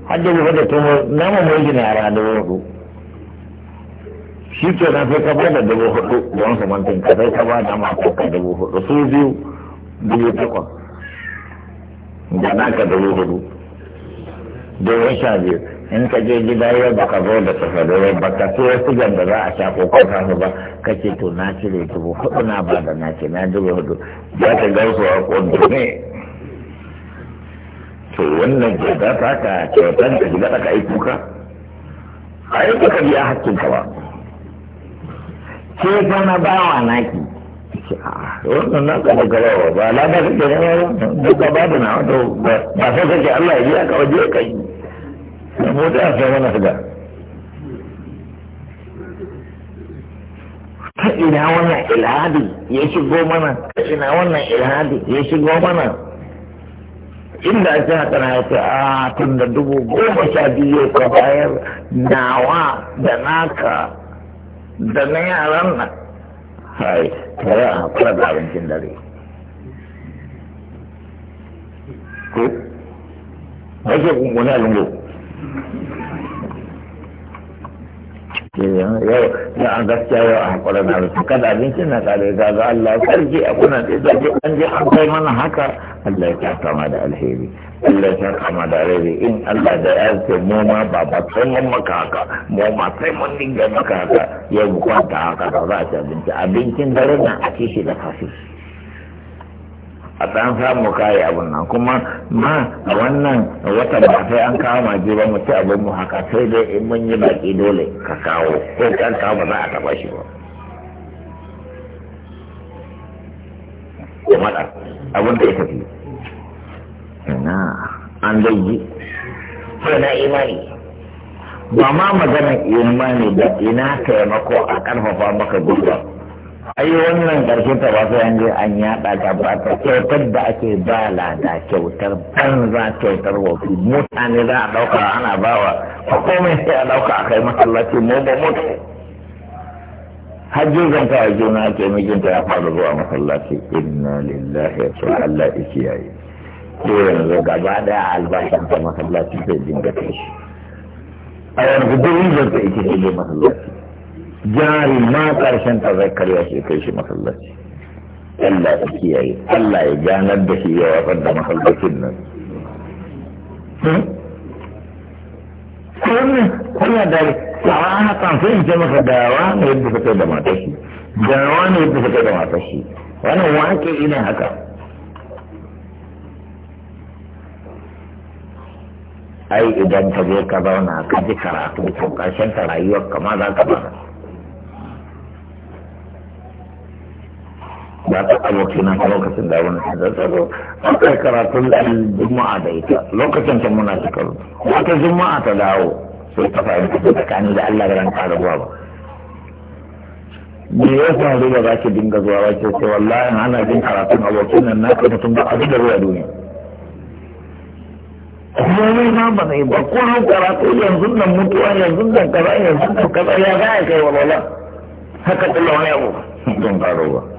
hajjabi wadda tumo namu mai gina a ranar hudu shi ke nan sai ka ba da dubu hudu don su mantin ka sai ka ba da mako ka dubu hudu su biyu dubu takwas da ka dubu hudu domin sha biyu in ka je gida yau ba ka zo da tafadorai ba ka sai wasu da za a sha ko ka su ba ka ce to na cire dubu hudu na ba da na ce na dubu hudu ya ka a ko ne to wannan da ta ka ta ka ji ta ka yi kuka a yi ka biya hakkin ka ba ke zama bawa naki wannan na ka da garawa ba la da kake ne ba ka ba da na wato ba sai kake Allah ya biya ka waje ka yi mu da sai wannan shiga ta ina wannan ilhadi ya shigo mana ta ina wannan ilhadi ya shigo mana inda ake haka na yace a tun da dubu goma sha biyu ka bayar nawa da naka da na yaran nan hai tare a hakura da abincin dare ko ake kunkuni a lungu yau an gaskiya yau a haƙura na rufe kada abincin na kare ga ga Allah sarki a kuna da zaje an je an kai mana haka Allah ya taka ma da alheri Allah ya taka ma da alheri in Allah da ya ce mu ma ba ba sai mun maka haka mu ma sai mun dinga maka haka yau mu kwanta haka da za a ci abinci abincin dare na a ci shi da kafi a ɗan samu kayi abin nan kuma ma a wannan wata ba sai an kawo je ba mu ci abin mu haka sai dai in mun yi baki dole ka kawo ko kan kawo ba za a taɓa shi ba kuma da abin da ya tafi na an dai ji sai na imani ba ma maganar imani da ina taimako a ƙarfafa maka gudu Ayi, wannan karshen ta ba sai an je an yaɗa gabata kyautar da ake ba lada kyautar banza kyautar wasu mutane za a ɗauka ana bawa ko komai sai a ɗauka a kai masallaci mu ba mu har zan ta juna ke ta ya faru zuwa masallaci inna lillahi ya inna Allah raji'un ko yanzu gaba daya albashin ta masallaci zai dinga kai shi a yanzu duk inda zai ke masallaci jari ma karshen ta zai karya shi kai shi masallaci Allah ya kiyaye Allah ya ganar da shi ya wafar da masallacin nan hmm? wannan kuna da sa'ana kan sai ce maka dawa ne yadda suka da matar shi dawa ne yadda suka da matar shi wannan wake ina haka ai idan ka je ka zauna ka ji karatu to karshen ta rayuwar kama za ka bana da ta abokina a lokacin da wani da tsaro an kai karatun juma'a da ita lokacin ta muna shekaru wata juma'a ta dawo sai ta fahimta ta tsakani da Allah da ranka da ba me ya faru da za ki dinga zuwa ba ke ce wallahi ana jin karatun abokin nan na ka mutum ba a duk da ruwa duniya kuma ne ma ba na yi ba ko hau karatu yanzu nan mutuwa yanzu nan kaza yanzu nan kaza ya za a kai walwala haka tsalla wani abu don karo ba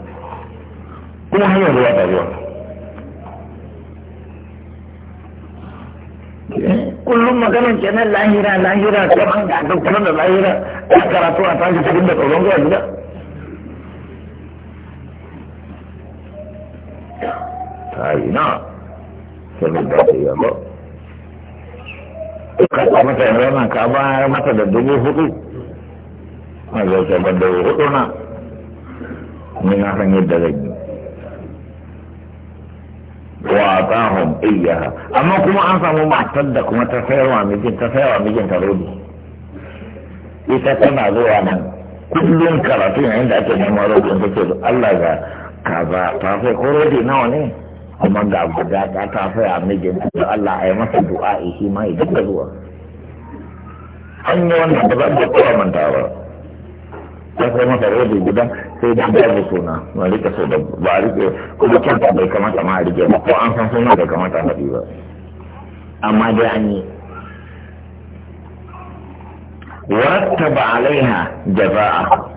kuma hanyar ruwa ruwa kullum maganar kenan lahira lahira kamar da da lahira karatu a tashi da tsoron zuwa gida ta yi na sanin da ta yi ba mata yanzu ka bayar mata da dubu hudu zai hudu na ni na zai yi atahum iyyaha amma kuma an samu matar da kuma ta sayarwa mijin ta sayarwa mijin ta rodi ita tana zuwa nan kullum karatu yayin da ake rubi rodin take Allah ga kaza ta sai ko rubi nawa ne amma ga guda ta ta a mijin ta Allah ya masa du'a eh, shi ma ya dinga zuwa an yi da ba da kowa manta ba ta sai masa rodi guda sai da mu suna ba rika so da ba a rike ba kyanta bai kamata ma a rike ba ko an san suna bai kamata a haɗi ba amma dai an yi wata ba alaiha jaza'a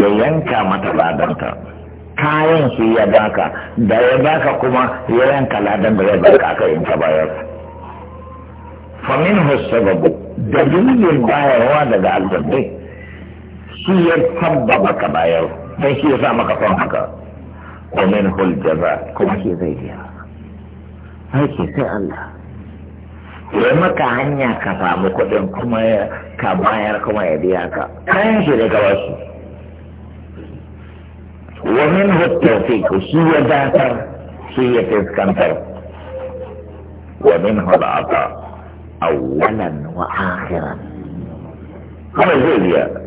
ya yanka mata ladanta kayan su ya baka da ya baka kuma ya yanka ladan da ya baka aka yin ka bayar famin sababu dalilin bayarwa daga aljanna shi ya sabbaba ka bayar don shi ya sa maka son haka ومن هو الجزاء كما شيء زي دي هيك sai Allah. ya maka hanya ka samu kuɗin kuma ka bayar kuma ya biya ka kayan shi da gaba su wa min ku shi ya datar shi ya fiskantar wa min hulata awwalan wa akhiran kuma zai biya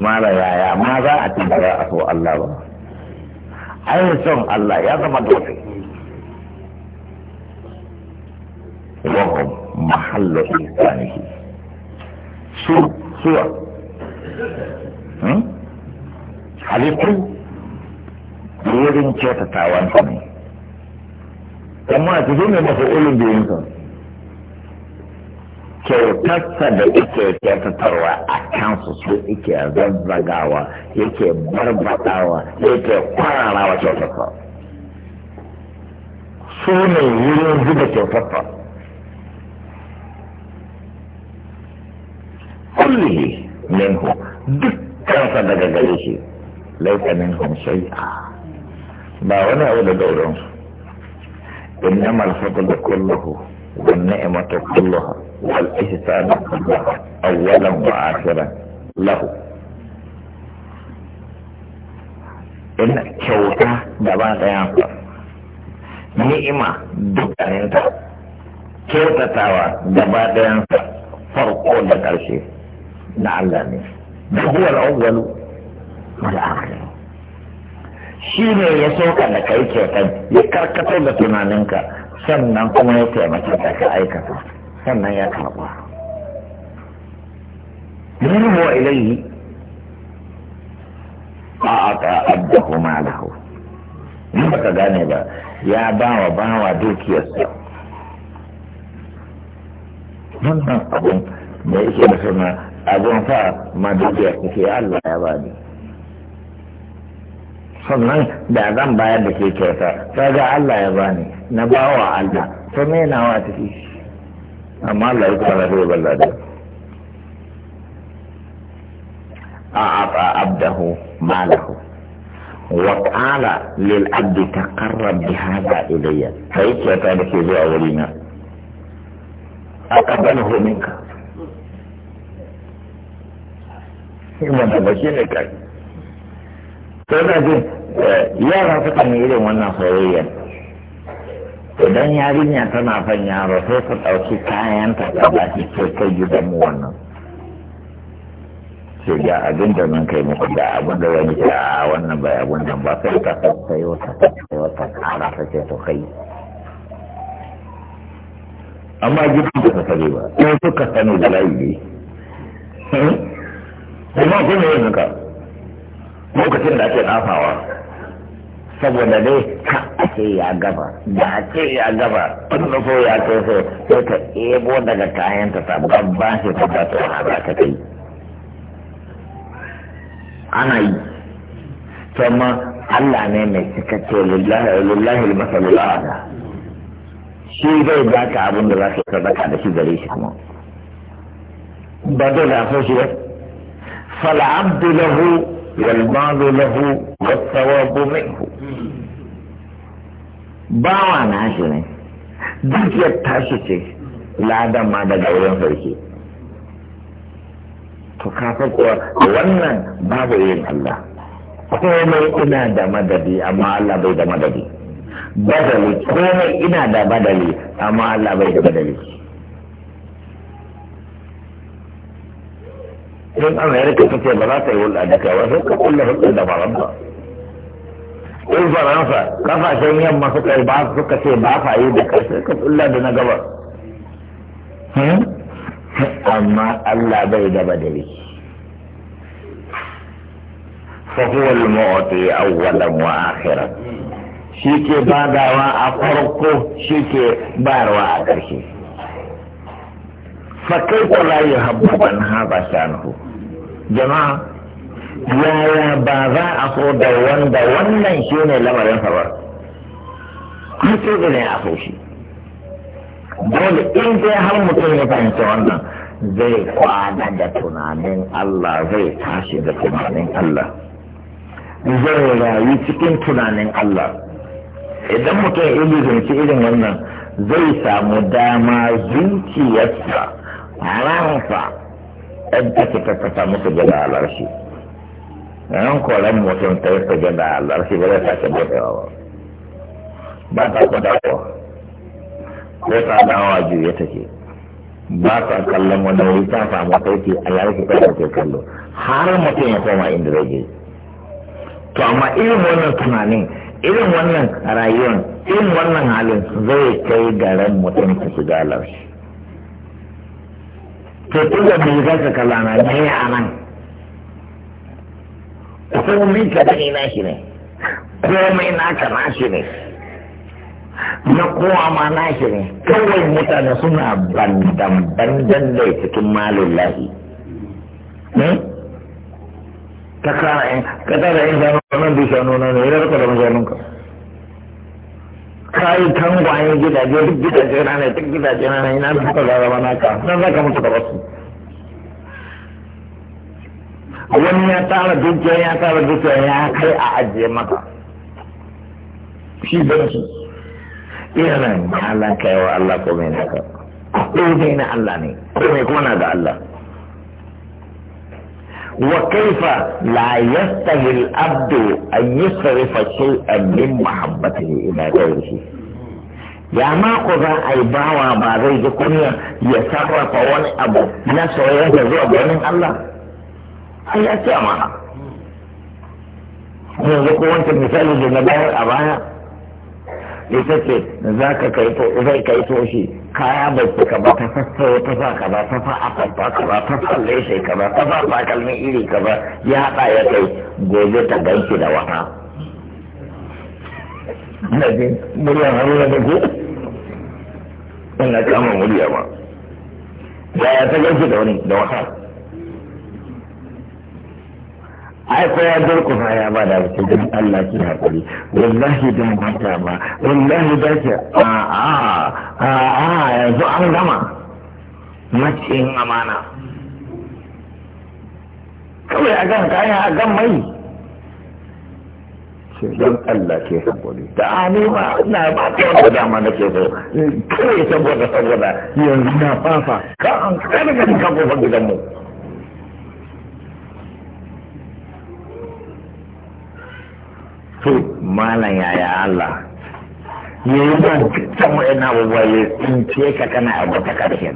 mara yaya ma za a ci ba a so Allah ba ai son Allah ya zama dole wa mahallu insani su suwa hmm? halittu wurin tawanta ne amma a cikin da mafi ulun biyunsa kyautarsa da yake kyautarwa a kansu su ike zazzagawa yake barbaɗawa yake kwararawa kyautarsa su ne wurin zuba kyautarsa kulli minhu dukkansa daga gare shi laisa minhum shay'a ba wani abu da gauransu innamal fadlu kulluhu wan ni'matu kulluha والإحسان أولا وآخرا له إن كوتا دبا غيانك نعمة دكانك كوتا تاوى دبا غيانك فرقو لك الشيء لعلني هو الأول والآخر shi ne ya soka da kai kyautar ya karkatar da tunaninka sannan kuma ya taimaka ka ka aikata sannan ya karɓa minhu wa ilayhi a aka alahu malahu ba baka gane ba ya bawa bawa dukiyarsa wannan abun da yake da suna abin fa ma dukiyar kuke Allah ya bani sannan da zan bayar da ke kyauta ta ga Allah ya bani na bawa Allah ta me nawa tafi مال لا يقطع له أعطى عبده ماله وقال للعبد تقرب بهذا إلي فإيش يا في يزوع ولينا أقبله منك إيمان بشينك فإذا دي يا رفقني إلي وانا خيريا idan yarinya tana son yaro sai su ɗauki kayan ta ta ba ki ce kai gidan mu wannan sai ga abin da zan kai muku da abin da zan ce a wannan bai abin da ba sai ta sai wata sai wata kara ta ce to kai amma gidan da ka sani ba sai suka sani da layi ne hmm? kuma kuma yin haka lokacin da ake nafawa saboda dai ka ake ya gaba da ake ya gaba tun so ya kai so sai ta ebo daga kayan ta sabon ba shi ta ba ta ba ta kai ana yi kuma Allah ne mai cikakke lillahi al-masalul a'la shi zai ba ka abin da za ka sadaka da shi gare shi kuma ba da a so shi ba fal abdu lahu والمال له والثواب منه bawa na shi ne dukiyar tashi ce ladan ma daga wurin sarki to kafa wannan babu irin Allah komai ina da madadi amma Allah bai da madadi badali komai ina da badali amma Allah bai da badali امريكا إذن أنا هناك فتى بنات يقول أنك وزن كل فتى دبا ربا إذن أنا فكفى شيء يما فتى البعض فتى شيء بعض عيود كسر كل الله دينا قبر أما الله بيد بدري فهو المعطي أولا وآخرا شيكي بادا وآخركو شيكي بار وآخر شيكي jama'a لا يهب عن هذا شأنه جماعة يا يا بابا أخو lamarin sa ba شيني ce da ne a so shi dole in dai har mutum ya fahimci wannan zai kwana da tunanin Allah zai tashi da tunanin Allah zai rayu cikin tunanin Allah idan mutum ya ilizinci irin wannan zai samu dama zuciyarsa ransa ɗan take tattata musu gada a larshi ran koren mutum ta yi gada a larshi ba zai sake buɗewa ba ba ta kudawa ko ta dawa juya take ba ta kallon wani wuri ta samu sauki a yare larshi ta take kallo har mutum ya koma inda zai je to amma irin wannan tunanin irin wannan rayuwar irin wannan halin zai kai garin mutum ta shiga larshi to tunda me za ka kalla na me anan, nan komai ka dani na shi ne mai na ka na shi ne na kowa ma na shi ne kawai mutane suna bandan bandan da cikin malin lahi ka kara in ka tara in zama wannan bisa nuna ne ya rarka da majalunka kayi gwanin gidaje duk gidaje na ne duk gidaje na ne ina da suka mana ka nan za ka mutu da wasu wani ya tara dukiya ya tara dukiya ya kai a ajiye maka shi zai su, ina nan ya Allah wa Allah ko mai naka ko mai na Allah ne ko mai kuma na da Allah وكيف لا يستهي الابد ان يصرف شيئا من محبته الى غيره يا ما قضى اي باوى ما زي يكون يسرق وان ابو نفسه يهجز وبين الله اي اتي من يقول انت مثال ابايا ita ce za ka kai to zai kai to shi kaya bai su ka ba ta sassa ta sa ka ba ta sa afarfa ka ba ta sa leshe ka ba ta sa takalmin iri ka ba ya haɗa ya kai gobe ta ganki da wata. Ina ji muryar haruna da ku? Ina kama murya ba. Yaya ta ganki da wani da wata? ai ko ya fa ya ba da wuce dan Allah ki hakuri wallahi don mata ba wallahi da ke a a a yanzu an gama maciyin amana kawai a gan kaya a gan mai ce Allah ke hakuri da ma na ba ta da dama da ke so kai saboda saboda yanzu na fafa ka an kada ka gidan mu. to malam yaya Allah ya yi ba dukkan wa'in abubuwa ya tsince ka kana abota ka da shi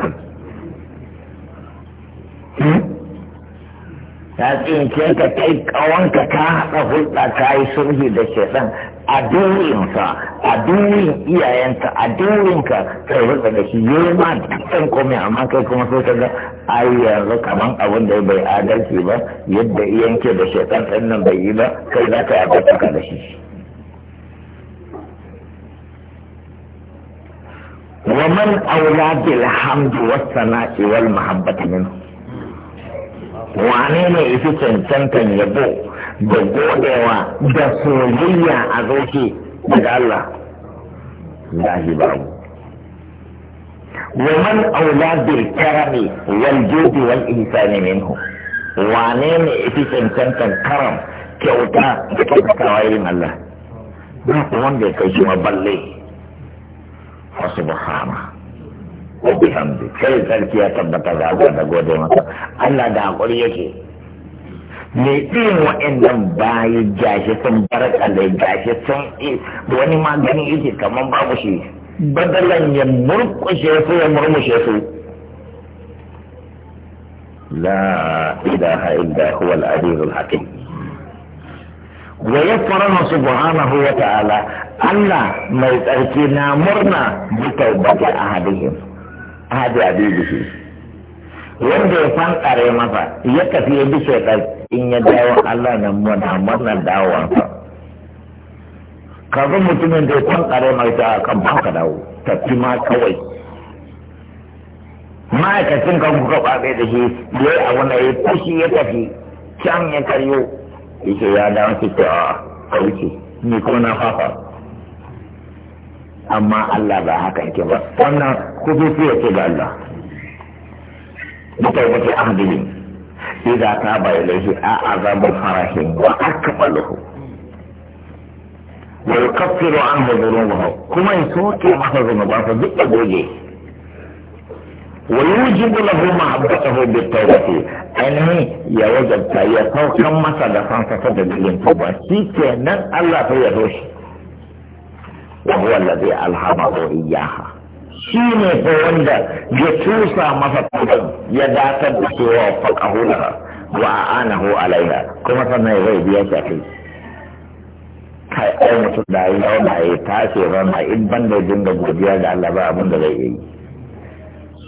ta tsinke ka kai kawanka ka haɗa hulɗa ka yi sulhi da shaidan a durinsa a durin iyayenta a ta yi hulɗa da shi yi ma ɗan komai amma kai kuma sai ka ga ai yanzu kaman abin da bai adalci ba yadda iyanke da shaidan ɗin nan bai yi ba kai za ka yi adalci da shi. ومن والثناء والمحبة منه wane ne ita cancantan yabo da godewa da soyayya a zoke daga Allah lahi babu waman aula bil kyauta da ya kai shi maballe fa subhanahu وبحمده كي تركي يتبت هذا تقول مثلا ألا دا أقول يكي لئين وإن باي جاشي سن برك علي جاشي سن إيه؟ وني ما جني إيكي كمان بابو شي بدلا يمرق شيسو يمرم شيسو لا إله إلا هو العزيز الحكيم ويفرن سبحانه وتعالى أن ما يتركينا مرنا بتوبة أحدهم ahadi a biyu wanda ya fankare masa ya tafi ya bi shekar in ya dawo Allah na muna murnar dawowansa kafin mutumin da ya fankare mai ta kan ka dawo tafi ma kawai ma'aikacin kan kuka kwabe da shi ya yi abu na ya fushi ya tafi can ya karyo ce ya dawo ki ce a wuce ni ko na fafa amma Allah ba haka yake ba wannan kudufi yake ga Allah mutai mutai ahdihim idza taba ilayhi a'azabu farahin wa akbaluhu wa yukaffiru anhu dhunubahu kuma ya soke masa zunubansa duk da goge wa yujibu lahu mahabbatahu bitawbati ainihin ya wajabta ya saukan masa da sansa da dalilin tuba shi kenan Allah ta ya shi wa huwa allazi alhamahu iyyaha shi ne ko wanda ya tusa masa tuban ya datar da cewa faqahu laha wa anahu alaiha kuma sannan zai biya shi akai kai ai mutum da ya zauna ya tashi rana in ban da dinga godiya ga Allah ba abin da zai yi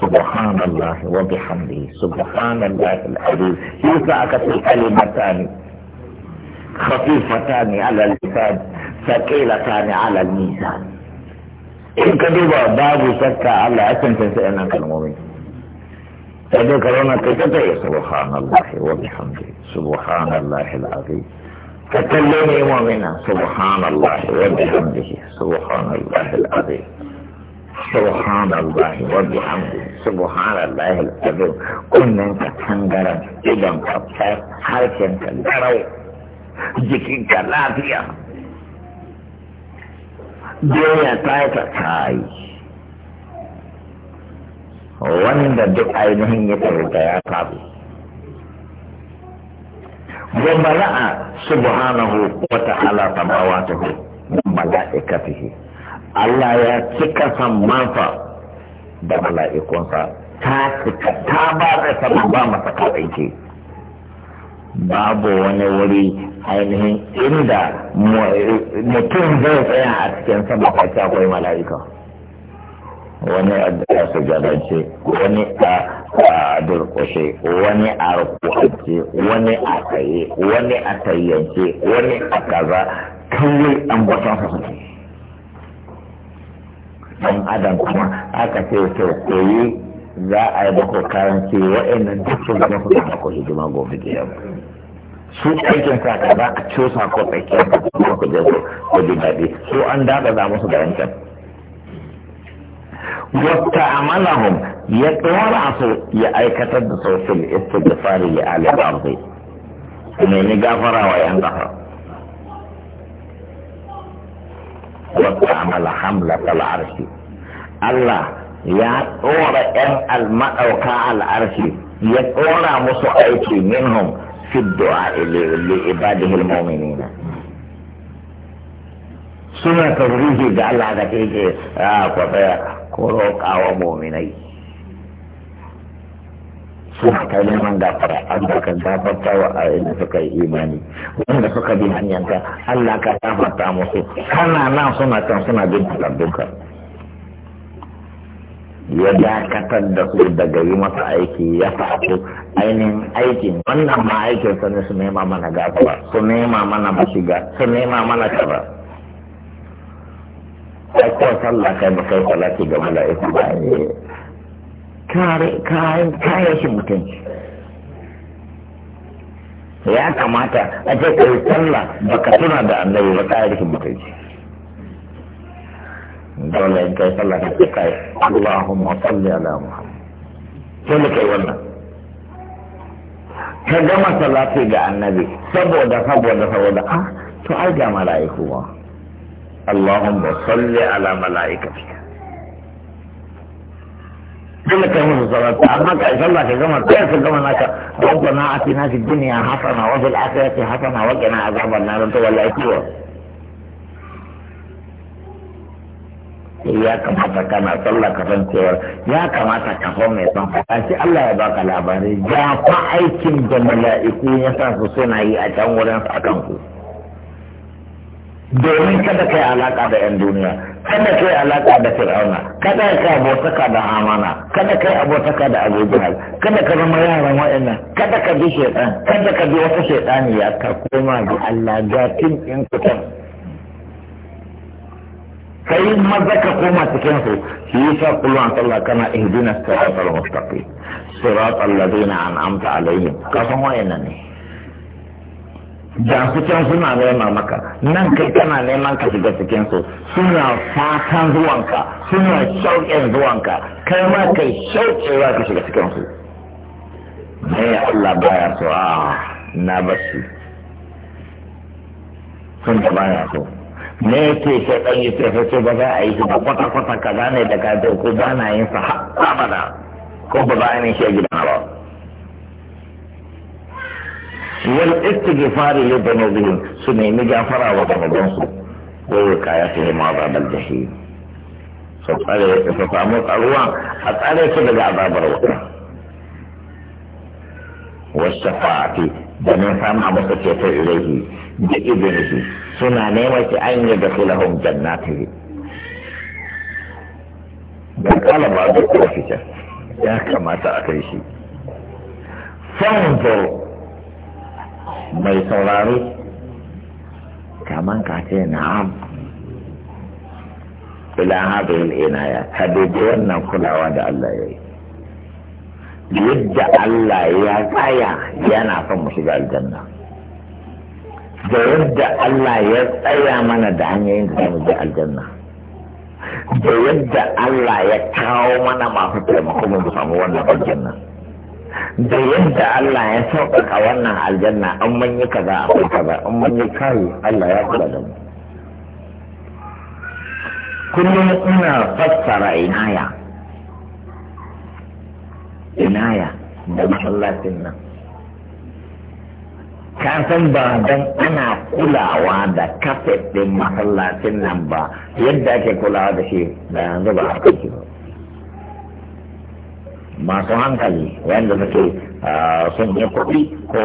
subhanallah wa bihamdihi subhanallah al-azim sa aka ce kalimatan خفيفتان على اللسان saƙilata ne ala nisa in ka duba babu shakka Allah ya cancanta yana kalmomi ta je ka rauna kai kata ya subhanallah wa bihamdi subhanallah al'azim ka kalle ne mu'mina subhanallah wa bihamdihi subhanallah al'azim subhanallah wa bihamdi subhanallah al'azim kunnen ka tangaran idan harshen ka darau jikin lafiya doya ta yi ta kai wanda duk ainihin ya karanta ya kafu wa a subhanahu wa ta'ala samawatuhu min mala'ikatihi Allah ya cika sammansa da mala'ikunsa ta cika ta ba da sama ba masa kawai babu wani wuri ainihin inda mutum zai tsaya a cikin sama ta akwai mala'ika wani a sujadace wani a durkushe wani a rukuhance wani a tsaye wani a tayyance wani a kaza kawai an bata sa dan adam kuma aka ce to koyi za a yi bako karanci wa'annan duk su zama kuma bako hidima gobe da yamma su aikin sa ka za a sa ko tsakiyar ka kuma ku je ku ji daɗi su an daɗa za musu da yankin wata amalahum ya tsawara su ya aikatar da su fil da fari ahli al arzi ne ni gafara wa yan gafara wata amala hamla kal arshi Allah ya tsawara yan al-madauka al-arshi ya tsora musu aiki minhum في الدعاء لعباده المؤمنين suna taurihi da Allah ka ke ke a kwafe ko roƙawa mominai suna ta neman gafara an da kan gafarta a inda suka yi imani wanda suka bi hanyarka Allah ka gafarta musu nan suna can suna bin takardunka ya dakatar da su daga yi masa aiki ya faɗo ainihin aikin wannan ma aikin sa ne su nema mana gafara su nema mana mashiga su nema mana kaza a ko sallah kai ba kai salati ga mala'iku ba ne eh. kare kayan kayan shi mutunci ya kamata a ce kai sallah baka tuna da annabi ba kayan shi mutunci dole in kai sallah ka kai Allahumma salli ala Muhammad sai kai wannan ka gama salati ga annabi saboda saboda saboda ah to ai ga mala'iku ma Allahumma salli ala mala'ikatika dole kai musu salati amma kai sallah ka gama kai ka gama naka rabbana atina fid dunya hasana wa fil akhirati hasana wa qina azaban nar to wallahi kiwa ya kamata kana sallah ka san cewa ya kamata ka san mai son ka shi Allah ya baka labari ya fa aikin da mala'iku ya sa su suna yi a can wurin sakan ku domin kada kai alaka da yan duniya kada kai alaka da fir'auna kada kai abotaka da amana kada kai abotaka da abubuwa kada ka zama yaran wa'annan kada ka bi shaitan kada ka bi wata ya ka koma da Allah ga tin in kutan kai maza ka koma cikin su shi yasa kullu an sallah kana ihdina siratal mustaqim siratal ladina an'amta alaihim ka san wayannan ne da su can suna nema maka nan kai kana neman ka shiga cikin su suna fatan zuwanka suna shauƙin zuwanka kai ma kai shauƙewa ka shiga cikin su ne Allah baya so a ah, na basu, sun da baya so me yake sai dan yi ce ba za a yi ba kwata kwata kaza ne da ko ba na yin sa ba abada ko ba za a yi shi gidan gida ba wal istighfar li dhunubihim su nemi gafara wa dhunubansu wa ba azabal jahim so tsare ta samu tsaruwa a tsare su daga azabar wuta wasu fa'ati da mun samu musu ceto ilaihi da izinihi suna neman shi an yi da sulahun jannati da kala ba da kuma ya kamata a kai shi fanzo mai saurari kaman ka ce na'am ila hadhihi ina inaya ka dubi wannan kulawa da Allah ya yi yadda Allah ya tsaya yana son mu shiga aljanna da yadda Allah ya tsaya mana da hanyoyin da zamu je aljanna da yadda Allah ya kawo mana masu taimako mu samu wannan aljanna da yadda Allah ya sauƙaƙa wannan aljanna an mun kaza a akwai kaza an mun yi Allah ya kula da mu kullum ina fassara inaya inaya da masallacin nan ka san ba dan ana kulawa da kafet din masallacin nan ba yadda ake kulawa da shi da yanzu ba a kai ba masu hankali wanda suke ah, sun yi kuɗi ko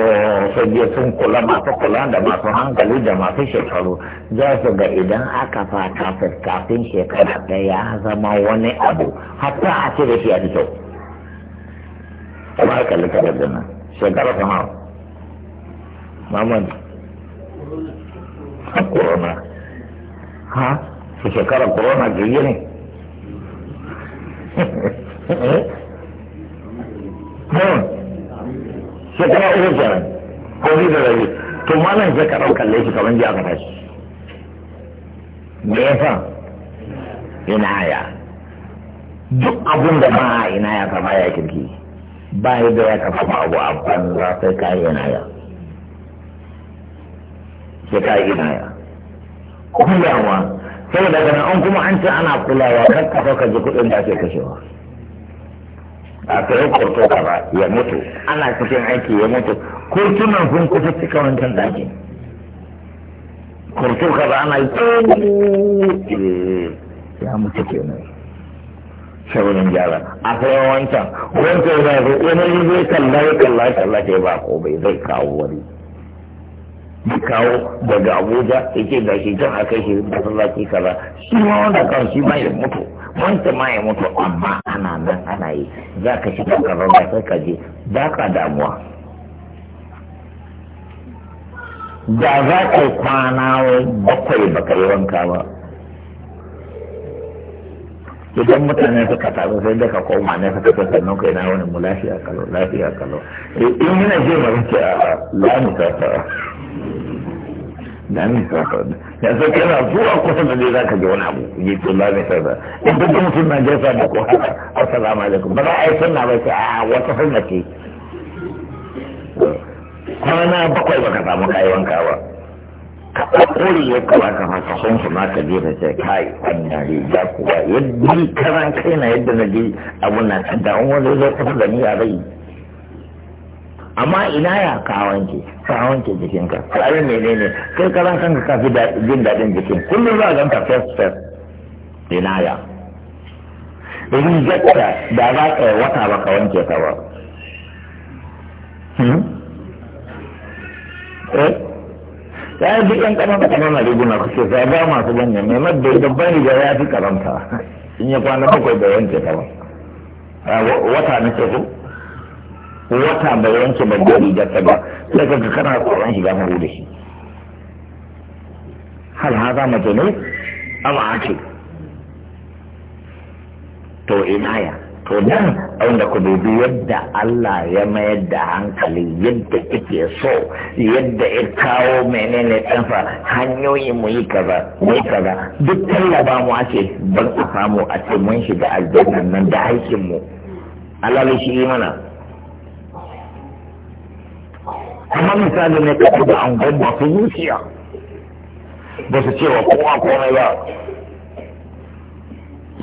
sun je sun kula masu kula da masu hankali da masu shekaru za su ga idan aka fa kafin kafin shekara ɗaya ya zama wani abu hatta a ce da shi a fito kuma aka lika da nan shekara sama maman a corona ha su shekara corona gayya ne eh? shekara uku kenan ko ni da rabi to malam shekara kalle shi kamar jiya aka tashi me yasa ina ya duk abun da ba ina ya kama ya kirki ba yadda ya kafa abu a banza sai ka yi ina ya sai ka yi inaya kulawa saboda daga an kuma an ce ana kulawa kan kafa ka ji kuɗin da ake kashewa a sayan kwarto ba ya mutu ana cikin aiki ya mutu kurtunan sun kusa cika wancan ɗakin ka ba ana yi eh, ya mutu kenan shaurin gyara a sayan wancan wancan zai zai kalla ya kalla kalla ke ba ko bai zai kawo wani ya kawo daga abuja ya ce da shi can a kai shi masallaci kaza shi ma wanda kan shi ma ya mutu wanda ma ya mutu amma ana nan ana yi za ka kan kaza ba sai ka je ba ka damuwa da za ka kwana bakwai ba ka yi wanka ba idan mutane suka taru sai da ka koma ne suka tafi sannan kai na wani mu lafiya kalau lafiya kalau eh, in yana je ma zuciya a lamu ta da min sarrafa ya kana zuwa kusa da dai zaka ji wani abu ya ce mai in jefa da assalamu alaikum ba za a yi sunna ba sai a ah, wata ce kwana bakwai baka samu kayi wanka ba ka ɗaukori ya kaba ka fasa sun su ma ka jefa sai kai wannan kuwa yadda karan kai na yadda na ji abun nan da an wani zai kusa da ni a rai amma ina ya ka wanke ka wanke jikinka abin menene kai karan kanka ka fi jin daɗin jikin kullum za a ganka fes fes ina ya rigarka da za ka wata ba ka wanke ta ba hmm? eh? ya yi duk yan karanta kamar riguna kuke sai ba masu ganyen mai madda dabban da ya fi karanta in ya kwana bakwai da wanke ta ba wata na ce ku wata bai wanke gari da ta ba sai kaga kana tsoron shiga horo da shi hal haza mace ne amma ake to ya? to nan wanda ku dubi yadda Allah ya mayar da hankali yadda kike so yadda ya kawo menene tsafa, hanyoyi mu yi kaza mu yi kaza duk tallaba mu ake ban a samu a ce mun shiga aljanna nan da aikin mu Allah shi yi mana amma misali ne ka da an gwamma su zuciya ba su cewa kowa komai ba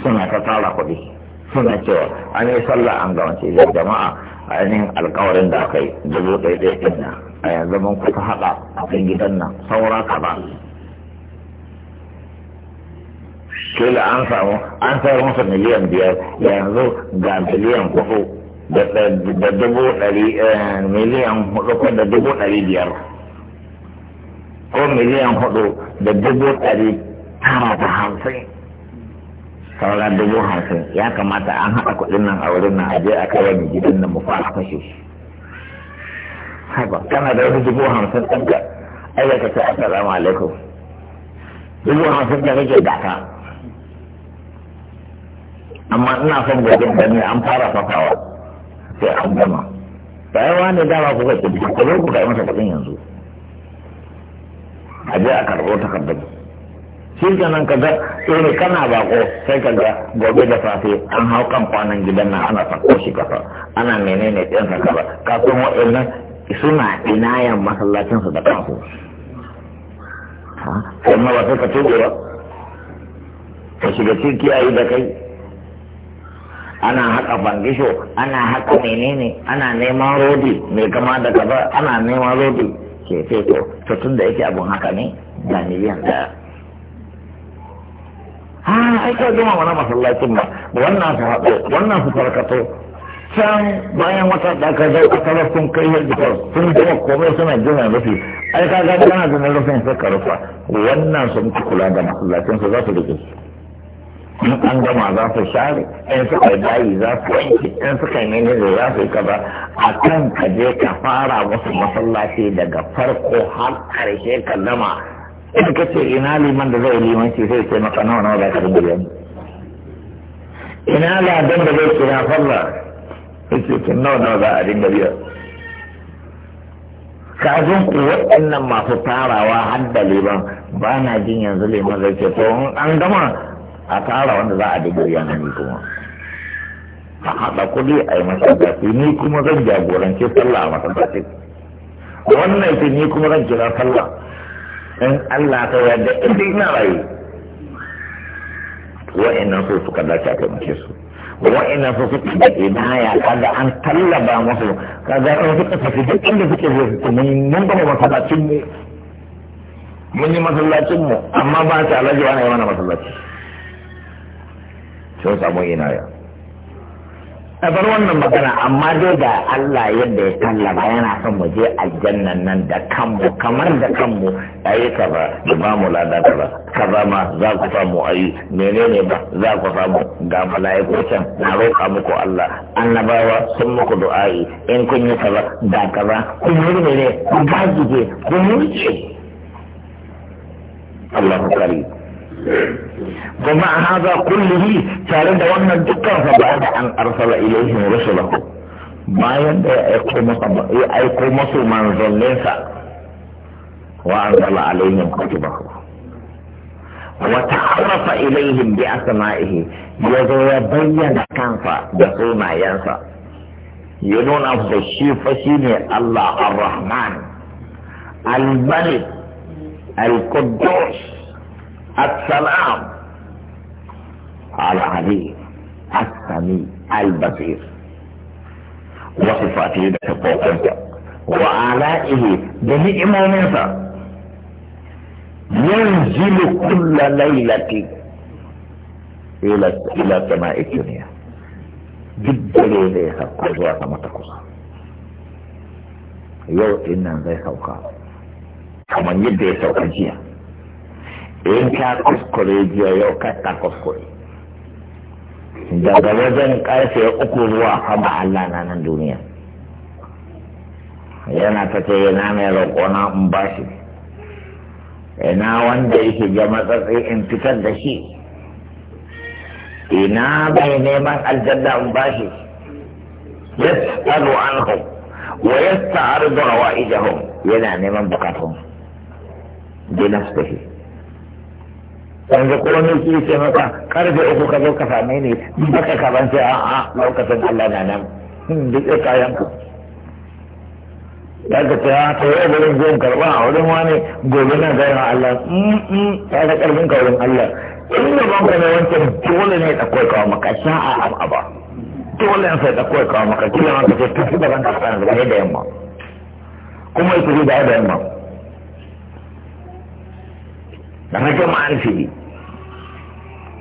suna ta tara kuɗi suna cewa an yi sallah an ga wace da jama'a yanin alkawarin da aka yi dubu ɗaya ɗaya ɗin nan a yanzu mun kuka haɗa a kan gidan nan saura kaza kila an samu an sayar musu miliyan biyar yanzu ga miliyan kuɗu da dubu ɗari eh, miliyan hudu ko da dubu ɗari biyar ko miliyan hudu da dubu ɗari tara da hamsin saura dubu hamsin ya kamata an haɗa kuɗin nan a wurin nan a kai wani gidan nan mu fara fashe shi haba kana da wani dubu hamsin ɗanka ai ka ce assalamu alaikum dubu hamsin da nake daka amma ina son gobin da ne an fara fasawa sai an gama da yawa ne dama kuka kudi ku zo ku yi masa kudin yanzu a je a karɓo takardar shi ka nan ka ga tsere eh, kana bako sai ka ga gobe da safe an hau kan kwanan gidan nan ana sako shi kasa ana menene ɗin sa ka kafin waɗannan suna inayen masallacin su da kansu sannan ba sai ka tuɗe ba ka shiga ciki a yi da kai ana haka bangisho ana haka menene ana neman rodi mai kama da kaza ana neman rodi ke feto to tun da yake abun haka ne da miliyan daya ha ai ka zama wani masallacin ba wannan su haɗo wannan su farkato can bayan wata da zai a kasar sun kai yadda sun gama komai suna jima rufi ai ka gani kana jima rufin ka rufa wannan sun kula da masallacin su za su rike in an gama za su share in suka yi bayi za su wanke in suka yi mene da za su yi kaza a kan ka je ka fara musu masallaci daga farko har karshe ka gama in ka ce ina liman da zai limanci sai ce maka nawa nawa za ka rubu yanzu ina ladan da zai kira falla sai ce ce nawa nawa za a dinga biya kafin ku waɗannan masu tarawa har da liman ba na jin yanzu liman zai ce to an gama a tara wanda za a dubo yana ni kuma a haɗa kuɗi a yi masallaci ni kuma zan jagorance sallah a masallaci wannan ce ni kuma zan kira sallah in Allah ta yarda inda ina rayu wa'annan su suka dace a taimake su wa'annan su suka na ya kaga an tallaba musu kaga an suka tafi duk inda suke zai su mun mun gama masallacin mu mun yi masallacin mu amma ba ta alaji wani mana masallaci sun samu inaya a bar wannan magana amma dai da Allah yadda ya ba yana son mu je aljannan nan da kanmu kamar da kanmu ayi kaza da ba mu ba ka ba ma za ku samu ayi menene ba za ku samu ga mala'iku can na roƙa muku Allah annabawa sun muku du'a'i in kun yi kaza da kaza ku murmure ku gajije ku murce Allah ku ومع هذا كله تارد وانا دكا بعد ان ارسل اليهم رسله bayan da ya aiko masu manzanninsa wa an zala alaihim kutubahu wa ta'arafa ilaihim bi asma'ihi ya zo ya bayyana kansa da sunayensa ya nuna da shi fa ne Allah ar al-Malik al-Quddus السلام على علي السميع البصير وصفاته بحقوقك وآلائه بنعم منك ينزل كل ليلة إلى إلى سماء الدنيا بالدليل إليها أزواج ما تقصى يوم إن ذي سوقا كما يدي سوقا جيا in ka kuskure jiya yau ka kuskure daga wajen karfe uku zuwa fama Allah na nan duniya yana ta ce yana mai roƙona in ba shi ina wanda yake ga matsatsi in fitar da shi ina mai neman aljanna in ba shi yas'alu anhum wa yasta'ridu hawaijahum yana neman bukatun bi nafsihi yanzu kuma ne shi ce maka karfe uku ka zo ka same ni baka ka ban sai a'a lokacin Allah na nan hmm, duk ya kayan ku ya ga ta ah, ta yi gurin zuwan karba a wurin wani gobe na gaya Allah ta hmm, hmm, da karfin ka wurin Allah in da ban ka ne wancan dole ne ta koyi kawo maka sha a ba dole ne sai ta koyi kawo maka kila maka ce ta fi da ban ka sanar da da yamma kuma ita da ya yamma da hajjar ma'arfi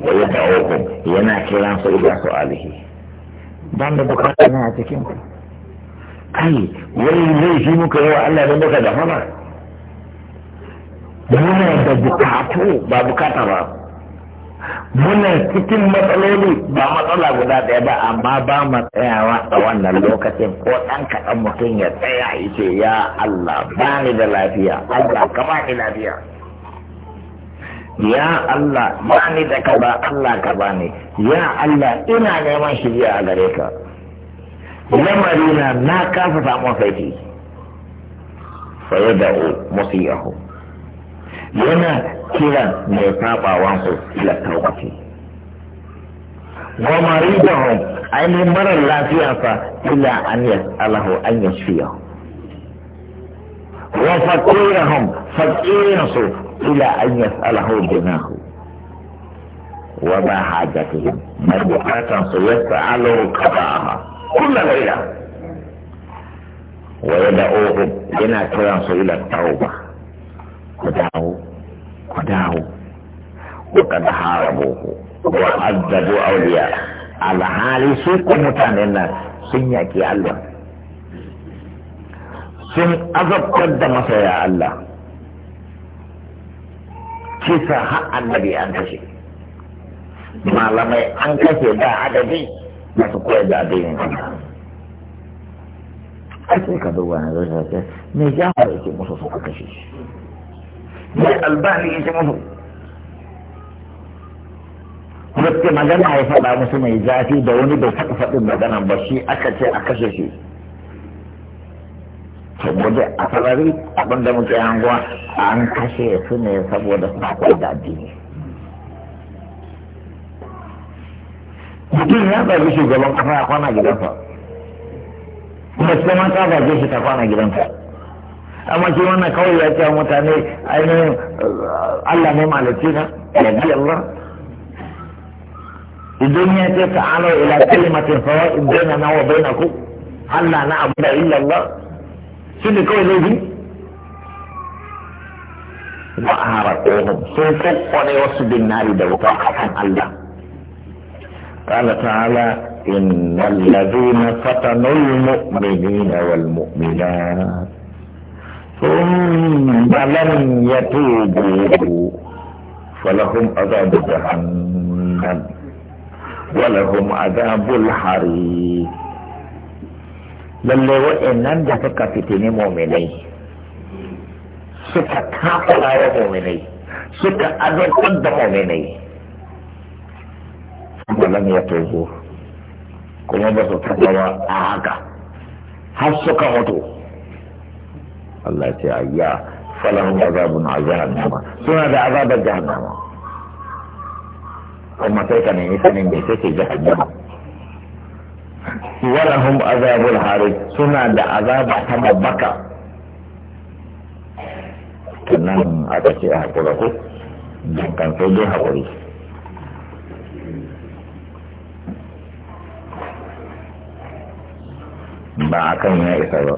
wa yad'ukum yana kiran su ila su'alihi dan da bukata na a cikin ku kai wai shi muka yi wa Allah ne baka da fama muna da bukatu ba bukata ba muna cikin matsaloli ba matsala guda ɗaya ba amma ba mu tsayawa a wannan lokacin ko ɗan kaɗan mutum ya tsaya ya ce ya Allah ba ni da lafiya Allah ka ba ni lafiya ya Allah ba ni da ka ba Allah ka ba ni ya Allah ina neman shirya a gare ka lamarina na kafa samun saiti fa ya da'u musiyahu yana kira mai sabawan su ila tawbati wa aini mara lafiya fa ila an yas'alahu an yashfiyahu wa fakirahum fakirin su ila an yas'alahu binahu wa ma hajatuhum mai bukatan su yas'alahu qada'aha kullu layla wa yad'uhum yana kiran su ila tauba ku dawo ku dawo wa qad harabuhu wa azzabu su ku mutanen nan sun Allah sun azabtar da masaya Allah kisa har annabi an kashe malamai an kashe da adadi masu koyar da addinin ai sai ka duba na zai sai me jafar yake musu suka kashe shi me albani yake musu wacce magana ya faɗa musu mai zafi da wani bai taɓa faɗin magana ba shi aka ce a kashe shi saboda a sarari abinda muke hanguwa an kashe su ne saboda suna kwai da addini mutum ya zaɓi shugaban kasa ya kwana gidansa mace ma ta zaɓe shi ta kwana gidansa amma shi wannan kawai ya ce mutane ainihin Allah ne malaci na ya bi Allah idan ya ce ala ila kalimatin sawa'in bainana wa bainakum Allah na abu da illa Allah shi ne kawai laifi wa a raƙohun sun kokwane wasu dinari da wuka a kan Allah قال تعالى إن الذين فتنوا المؤمنين والمؤمنات ثم لم يتوبوا فلهم عذاب جهنم ولهم عذاب الحريق lalle nan da suka fitini mominai suka kafara wa mominai suka azartar da mominai malam ya tozo kuma ba su taɓa ba a haka har suka mutu Allah ce ayya falahun azabun a jahannama suna da azabar jahannama kuma sai ka nemi sanin da ke jahannama walahum azabul hari suna da azaba ta babbaka sannan aka ce a haƙura ko kan sai dai haƙuri ba a kan ya isa ba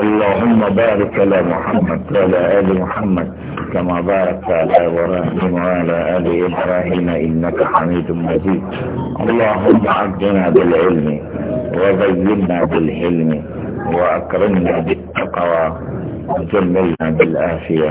اللهم بارك على محمد وعلى آل محمد كما باركت على إبراهيم وعلى آل إبراهيم إنك حميد مجيد اللهم عدنا بالعلم وبينا بالحلم وأكرمنا بالتقوى وجملنا بالآفية